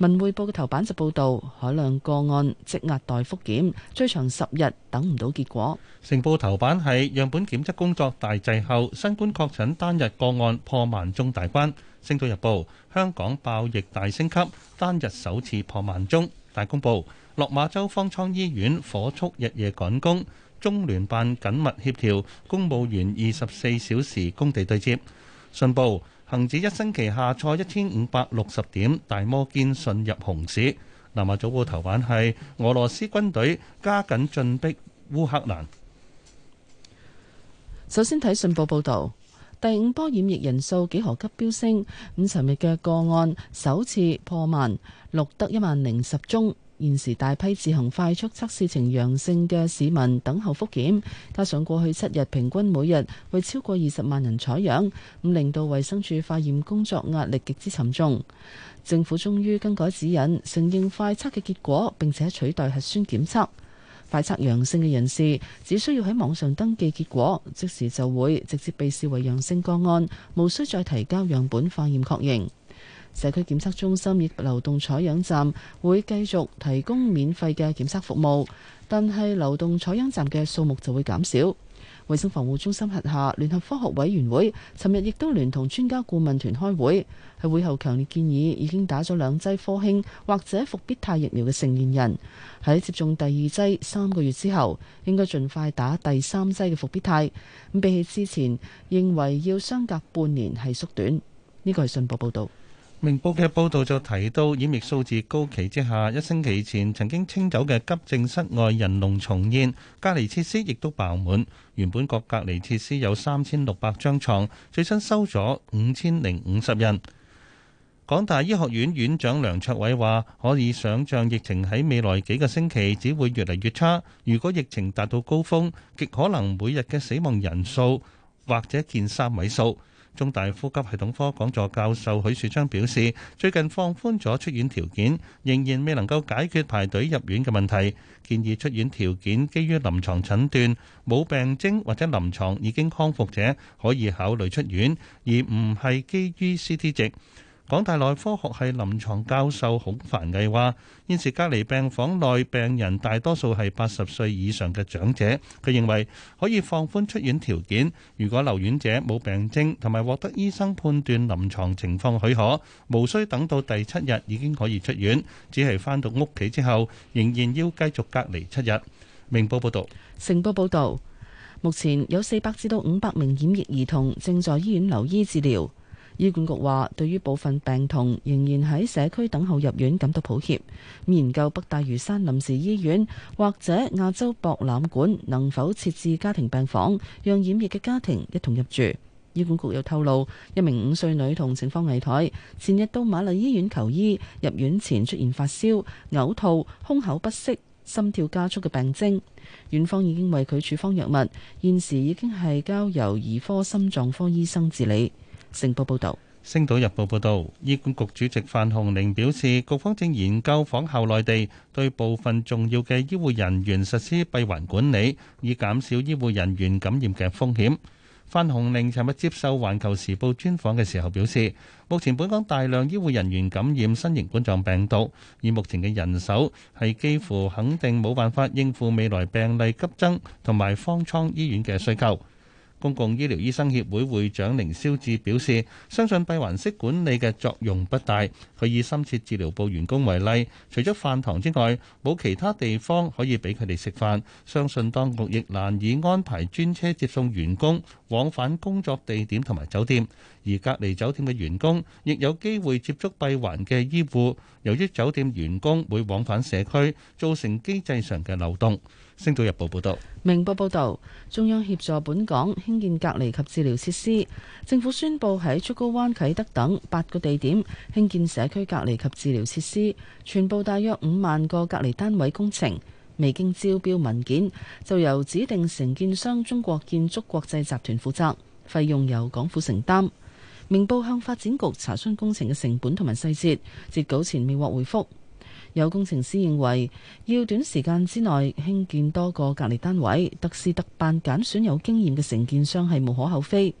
文匯報嘅頭版就報道，海量個案積壓待複檢，最長十日等唔到結果。成報頭版係樣本檢測工作大滯後，新冠確診單日個案破萬宗大關。星島日報：香港爆疫大升級，單日首次破萬宗。大公報：落馬洲方艙醫院火速日夜趕工，中聯辦緊密協調公務員二十四小時工地對接。信報。恒指一星期下挫一千五百六十點，大摩堅信入熊市。南華早報頭版係俄羅斯軍隊加緊進逼烏克蘭。首先睇信報報道，第五波染疫人數幾何級飆升，五尋日嘅個案首次破萬，錄得一萬零十宗。現時大批自行快速測試呈陽性嘅市民等候複檢，加上過去七日平均每日為超過二十萬人採樣，咁令到衛生署化驗工作壓力極之沉重。政府終於更改指引，承認快測嘅結果，並且取代核酸檢測。快測陽性嘅人士只需要喺網上登記結果，即時就會直接被視為陽性個案，無需再提交樣本化驗確認。社區檢測中心亦流動採樣站會繼續提供免費嘅檢測服務，但係流動採樣站嘅數目就會減少。衛生防護中心轄下聯合科學委員會尋日亦都聯同專家顧問團開會，喺會後強烈建議已經打咗兩劑科興或者復必泰疫苗嘅成年人喺接種第二劑三個月之後應該盡快打第三劑嘅復必泰。咁比起之前認為要相隔半年係縮短。呢個係信報報導。明報嘅報導就提到，染疫數字高企之下，一星期前曾經清走嘅急症室外人龍重現，隔離設施亦都爆滿。原本個隔離設施有三千六百張床，最新收咗五千零五十人。港大醫學院院長梁卓偉話：可以想像疫情喺未來幾個星期只會越嚟越差。如果疫情達到高峰，極可能每日嘅死亡人數，或者見三位數，中大呼吸系統科講座教授許樹昌表示，最近放寬咗出院條件，仍然未能夠解決排隊入院嘅問題，建議出院條件基於臨床診斷，冇病徵或者臨床已經康復者可以考慮出院，而唔係基於 CT 值。港大內科學系臨床教授孔凡毅話：現時隔離病房內病人大多數係八十歲以上嘅長者，佢認為可以放寬出院條件。如果留院者冇病徵同埋獲得醫生判斷臨床情況許可，無需等到第七日已經可以出院，只係翻到屋企之後仍然要繼續隔離七日。明報報導，成報報導，目前有四百至到五百名染疫兒童正在醫院留醫治療。醫管局話，對於部分病童仍然喺社區等候入院感到抱歉。研究北大嶼山臨時醫院或者亞洲博覽館能否設置家庭病房，讓染疫嘅家庭一同入住。醫管局又透露，一名五歲女童情況危殆，前日到瑪麗醫院求醫，入院前出現發燒、嘔吐、胸口不適、心跳加速嘅病徵。院方已經為佢處方藥物，現時已經係交由兒科心臟科醫生治理。成報報導，《星島日報》報導，醫管局主席范鴻齡表示，局方正研究訪候內地，對部分重要嘅醫護人員實施閉環管理，以減少醫護人員感染嘅風險。范鴻齡尋日接受《環球時報》專訪嘅時候表示，目前本港大量醫護人員感染新型冠狀病毒，以目前嘅人手係幾乎肯定冇辦法應付未來病例急增同埋方艙醫院嘅需求。公共醫療醫生協會會長凌霄智表示，相信閉環式管理嘅作用不大。佢以深切治療部員工為例，除咗飯堂之外，冇其他地方可以俾佢哋食飯。相信當局亦難以安排專車接送員工往返工作地點同埋酒店。而隔離酒店嘅員工亦有機會接觸閉環嘅醫護。由於酒店員工會往返社區，造成機制上嘅漏洞。《星島日報》報道，明報報道，中央協助本港興建隔離及治療設施。政府宣布喺竹篙灣、啟德等八個地點興建社區隔離及治療設施，全部大約五萬個隔離單位工程，未經招標文件就由指定承建商中國建築國際集團負責，費用由港府承擔。明報向發展局查詢工程嘅成本同埋細節，截稿前未獲回覆。有工程師認為，要短時間之內興建多個隔離單位，特事特辦揀選有經驗嘅承建商係無可厚非。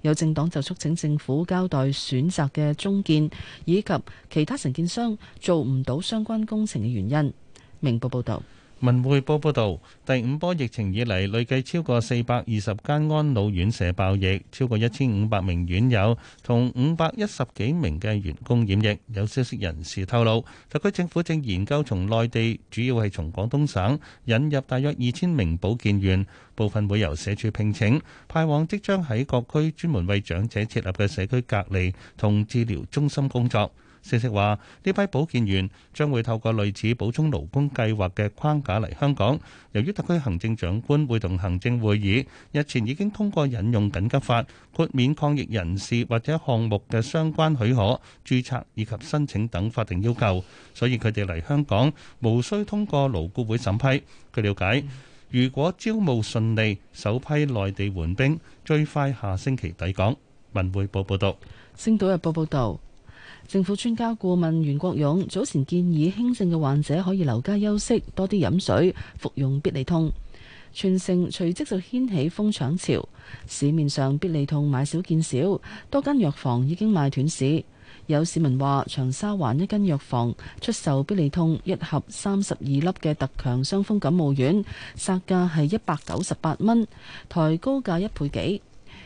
有政黨就促請政府交代選擇嘅中建以及其他承建商做唔到相關工程嘅原因。明報報道。文匯報報導，第五波疫情以嚟，累計超過四百二十間安老院舍爆疫，超過一千五百名院友同五百一十幾名嘅員工染疫。有消息人士透露，特區政府正研究從內地，主要係從廣東省引入大約二千名保健員，部分會由社署聘請，派往即將喺各區專門為長者設立嘅社區隔離同治療中心工作。消息話，呢批保健員將會透過類似補充勞工計劃嘅框架嚟香港。由於特區行政長官會同行政會議日前已經通過引用緊急法豁免抗疫人士或者項目嘅相關許可、註冊以及申請等法定要求，所以佢哋嚟香港無需通過勞顧會審批。據了解，如果招募順利，首批內地援兵最快下星期抵港。文匯報報道。《星島日報》報道。政府專家顧問袁國勇早前建議輕症嘅患者可以留家休息，多啲飲水，服用必理痛。全城隨即就掀起瘋搶潮，市面上必理痛買少見少，多間藥房已經賣斷市。有市民話，長沙灣一間藥房出售必理痛一盒三十二粒嘅特強傷風感冒丸，殺價係一百九十八蚊，抬高價一倍幾。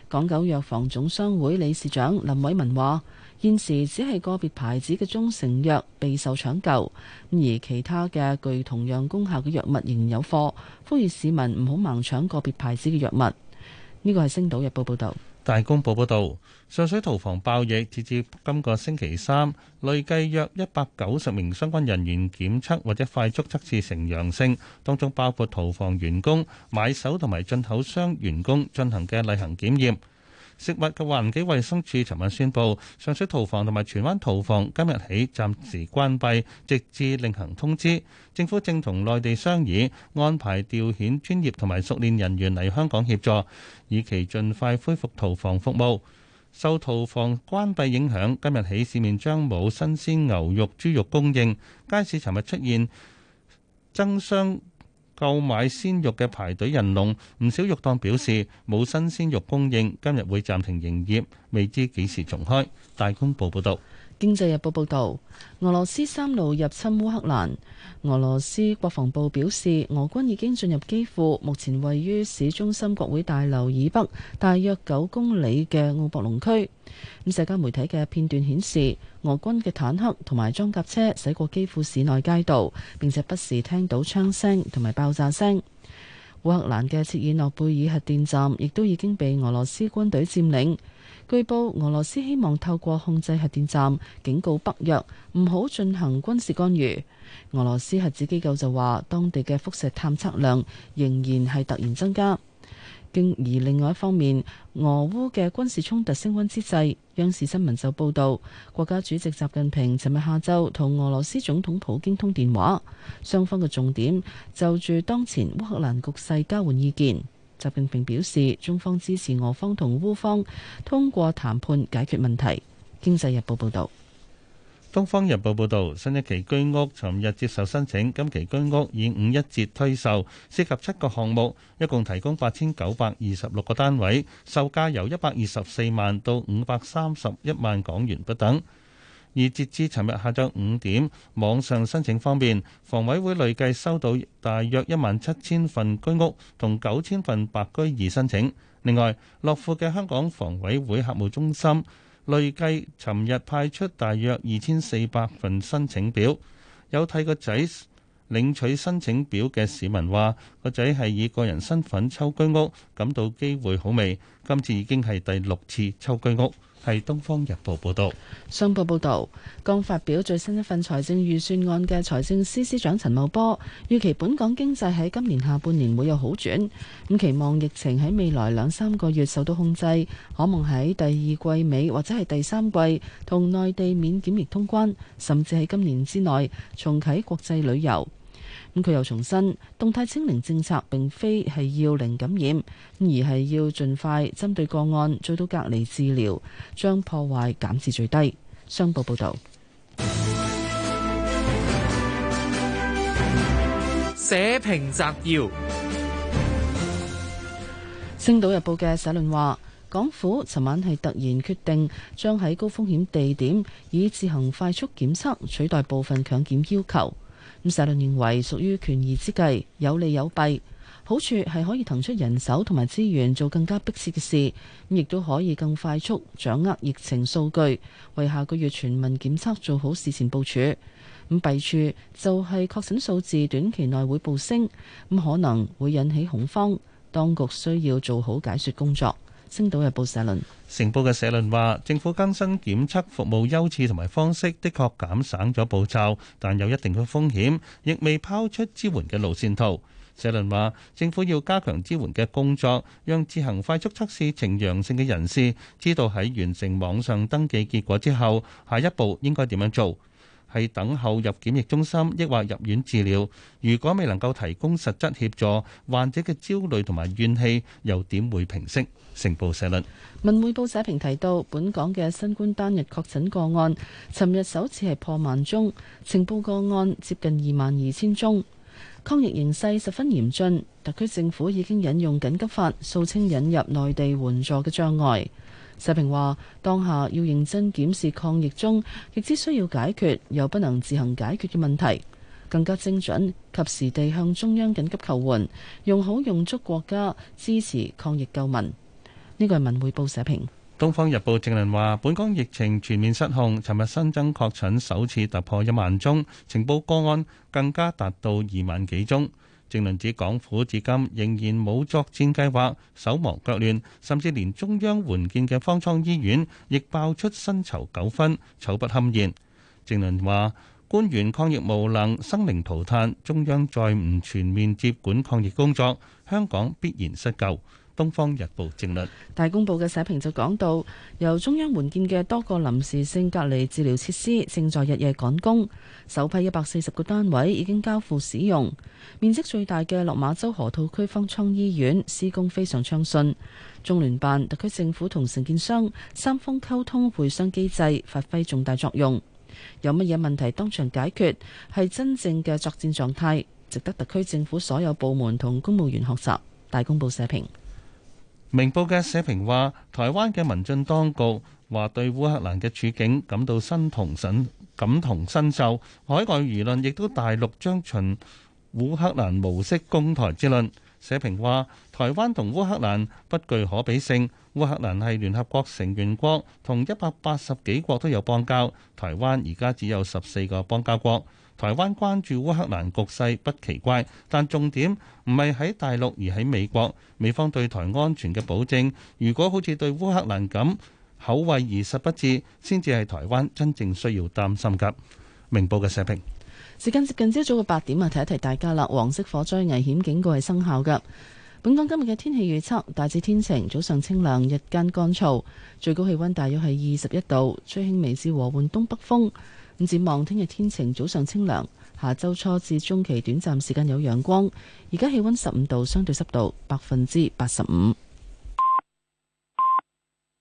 港九藥房總商會理事長林偉文話。現時只係個別牌子嘅中成藥備受搶購，而其他嘅具同樣功效嘅藥物仍有貨，呼籲市民唔好盲搶個別牌子嘅藥物。呢個係星島日報報導。大公報報導，上水屠房爆疫，截至今個星期三，累計約一百九十名相關人員檢測或者快速測試呈陽性，當中包括屠房員工、買手同埋進口商員工進行嘅例行檢驗。食物及環境衞生署尋日宣布，上水屠房同埋荃灣屠房今日起暫時關閉，直至另行通知。政府正同內地商議安排調遣專業同埋熟練人員嚟香港協助，以期盡快恢復屠房服務。受屠房關閉影響，今日起市面將冇新鮮牛肉、豬肉供應。街市尋日出現爭相購買鮮肉嘅排隊人龍，唔少肉檔表示冇新鮮肉供應，今日會暫停營業，未知幾時重開。大公報報道。經濟日報報導，俄羅斯三路入侵烏克蘭。俄羅斯國防部表示，俄軍已經進入基輔，目前位於市中心國會大樓以北大約九公里嘅奧博龍區。咁社交媒體嘅片段顯示，俄軍嘅坦克同埋裝甲車駛過基輔市內街道，並且不時聽到槍聲同埋爆炸聲。烏克蘭嘅切爾諾貝爾核電站亦都已經被俄羅斯軍隊佔領。據報，俄羅斯希望透過控制核電站，警告北約唔好進行軍事干預。俄羅斯核子機構就話，當地嘅輻射探測量仍然係突然增加。而另外一方面，俄烏嘅軍事衝突升溫之際，央視新聞就報道，國家主席習近平尋日下晝同俄羅斯總統普京通電話，雙方嘅重點就住當前烏克蘭局勢交換意見，習近平表示，中方支持俄方同烏方通過談判解決問題，經濟日報報道。《東方日報》報導，新一期居屋尋日接受申請，今期居屋以五一折推售，涉及七個項目，一共提供八千九百二十六個單位，售價由一百二十四萬到五百三十一萬港元不等。而截至尋日下晝五點，網上申請方面，房委會累計收到大約一萬七千份居屋同九千份白居二申請。另外，樂富嘅香港房委會客務中心。累計尋日派出大約二千四百份申請表，有替個仔領取申請表嘅市民話：個仔係以個人身份抽居屋，感到機會好微。今次已經係第六次抽居屋。係《東方日報》報道，商報報道，剛發表最新一份財政預算案嘅財政司司長陳茂波，預期本港經濟喺今年下半年會有好轉，咁期望疫情喺未來兩三個月受到控制，可望喺第二季尾或者係第三季同內地免檢疫通關，甚至喺今年之內重啟國際旅遊。佢又重申，動態清零政策並非係要零感染，而係要盡快針對個案做到隔離治療，將破壞減至最低。商報報道，社評摘要，《星島日報》嘅社論話，港府尋晚係突然決定，將喺高風險地點以自行快速檢測取代部分強檢要求。咁社論認為屬於權宜之計，有利有弊。好處係可以騰出人手同埋資源做更加迫切嘅事，咁亦都可以更快速掌握疫情數據，為下個月全民檢測做好事前部署。咁弊處就係確診數字短期內會暴升，咁可能會引起恐慌，當局需要做好解說工作。星島日報社論。成報嘅社論話，政府更新檢測服務優次同埋方式，的確減省咗步驟，但有一定嘅風險，亦未拋出支援嘅路線圖。社論話，政府要加強支援嘅工作，讓自行快速測試呈陽性嘅人士知道喺完成網上登記結果之後，下一步應該點樣做。係等候入檢疫中心，抑或入院治療。如果未能夠提供實質協助，患者嘅焦慮同埋怨氣又點會平息？成報社論。文匯報社評提到，本港嘅新冠單日確診個案，尋日首次係破萬宗，呈報個案接近二萬二千宗，抗疫形勢十分嚴峻。特區政府已經引用緊急法，掃清引入內地援助嘅障礙。社評話：當下要認真檢視抗疫中亦只需要解決又不能自行解決嘅問題，更加精準及時地向中央緊急求援，用好用足國家支持抗疫救民。呢個係文匯報社評。《東方日報》正論話：本港疫情全面失控，尋日新增確診首次突破一萬宗，呈報個案更加達到二萬幾宗。正論指港府至今仍然冇作戰計劃，手忙腳亂，甚至連中央援建嘅方艙醫院亦爆出薪酬糾紛，醜不堪言。正論話，官員抗疫無能，生靈塗炭，中央再唔全面接管抗疫工作，香港必然失救。《東方日報》政略。大公報嘅社評就講到，由中央援建嘅多個臨時性隔離治療設施正在日夜趕工，首批一百四十個單位已經交付使用。面積最大嘅落馬洲河套區方艙醫院施工非常暢順，中聯辦、特區政府同承建商三方溝通會商機制發揮重大作用，有乜嘢問題當場解決，係真正嘅作戰狀態，值得特區政府所有部門同公務員學習。大公報社評。明報嘅社評話：台灣嘅民進當局話對烏克蘭嘅處境感到身同感受感同身受，海外輿論亦都大陸將循烏克蘭模式攻台之論。社評話：台灣同烏克蘭不具可比性，烏克蘭係聯合國成員國，同一百八十幾國都有邦交，台灣而家只有十四個邦交國。台灣關注烏克蘭局勢不奇怪，但重點唔係喺大陸而喺美國。美方對台安全嘅保證，如果好似對烏克蘭咁口惠而實不至，先至係台灣真正需要擔心噶。明報嘅社評。時間接近朝早嘅八點啊，提一提大家啦。黃色火災危險警告係生效噶。本港今日嘅天氣預測大致天晴，早上清涼，日間乾燥，最高氣温大約係二十一度，吹輕微至和緩東北風。展望聽日天晴，早上清涼，下周初至中期短暫時間有陽光。而家氣溫十五度，相對濕度百分之八十五。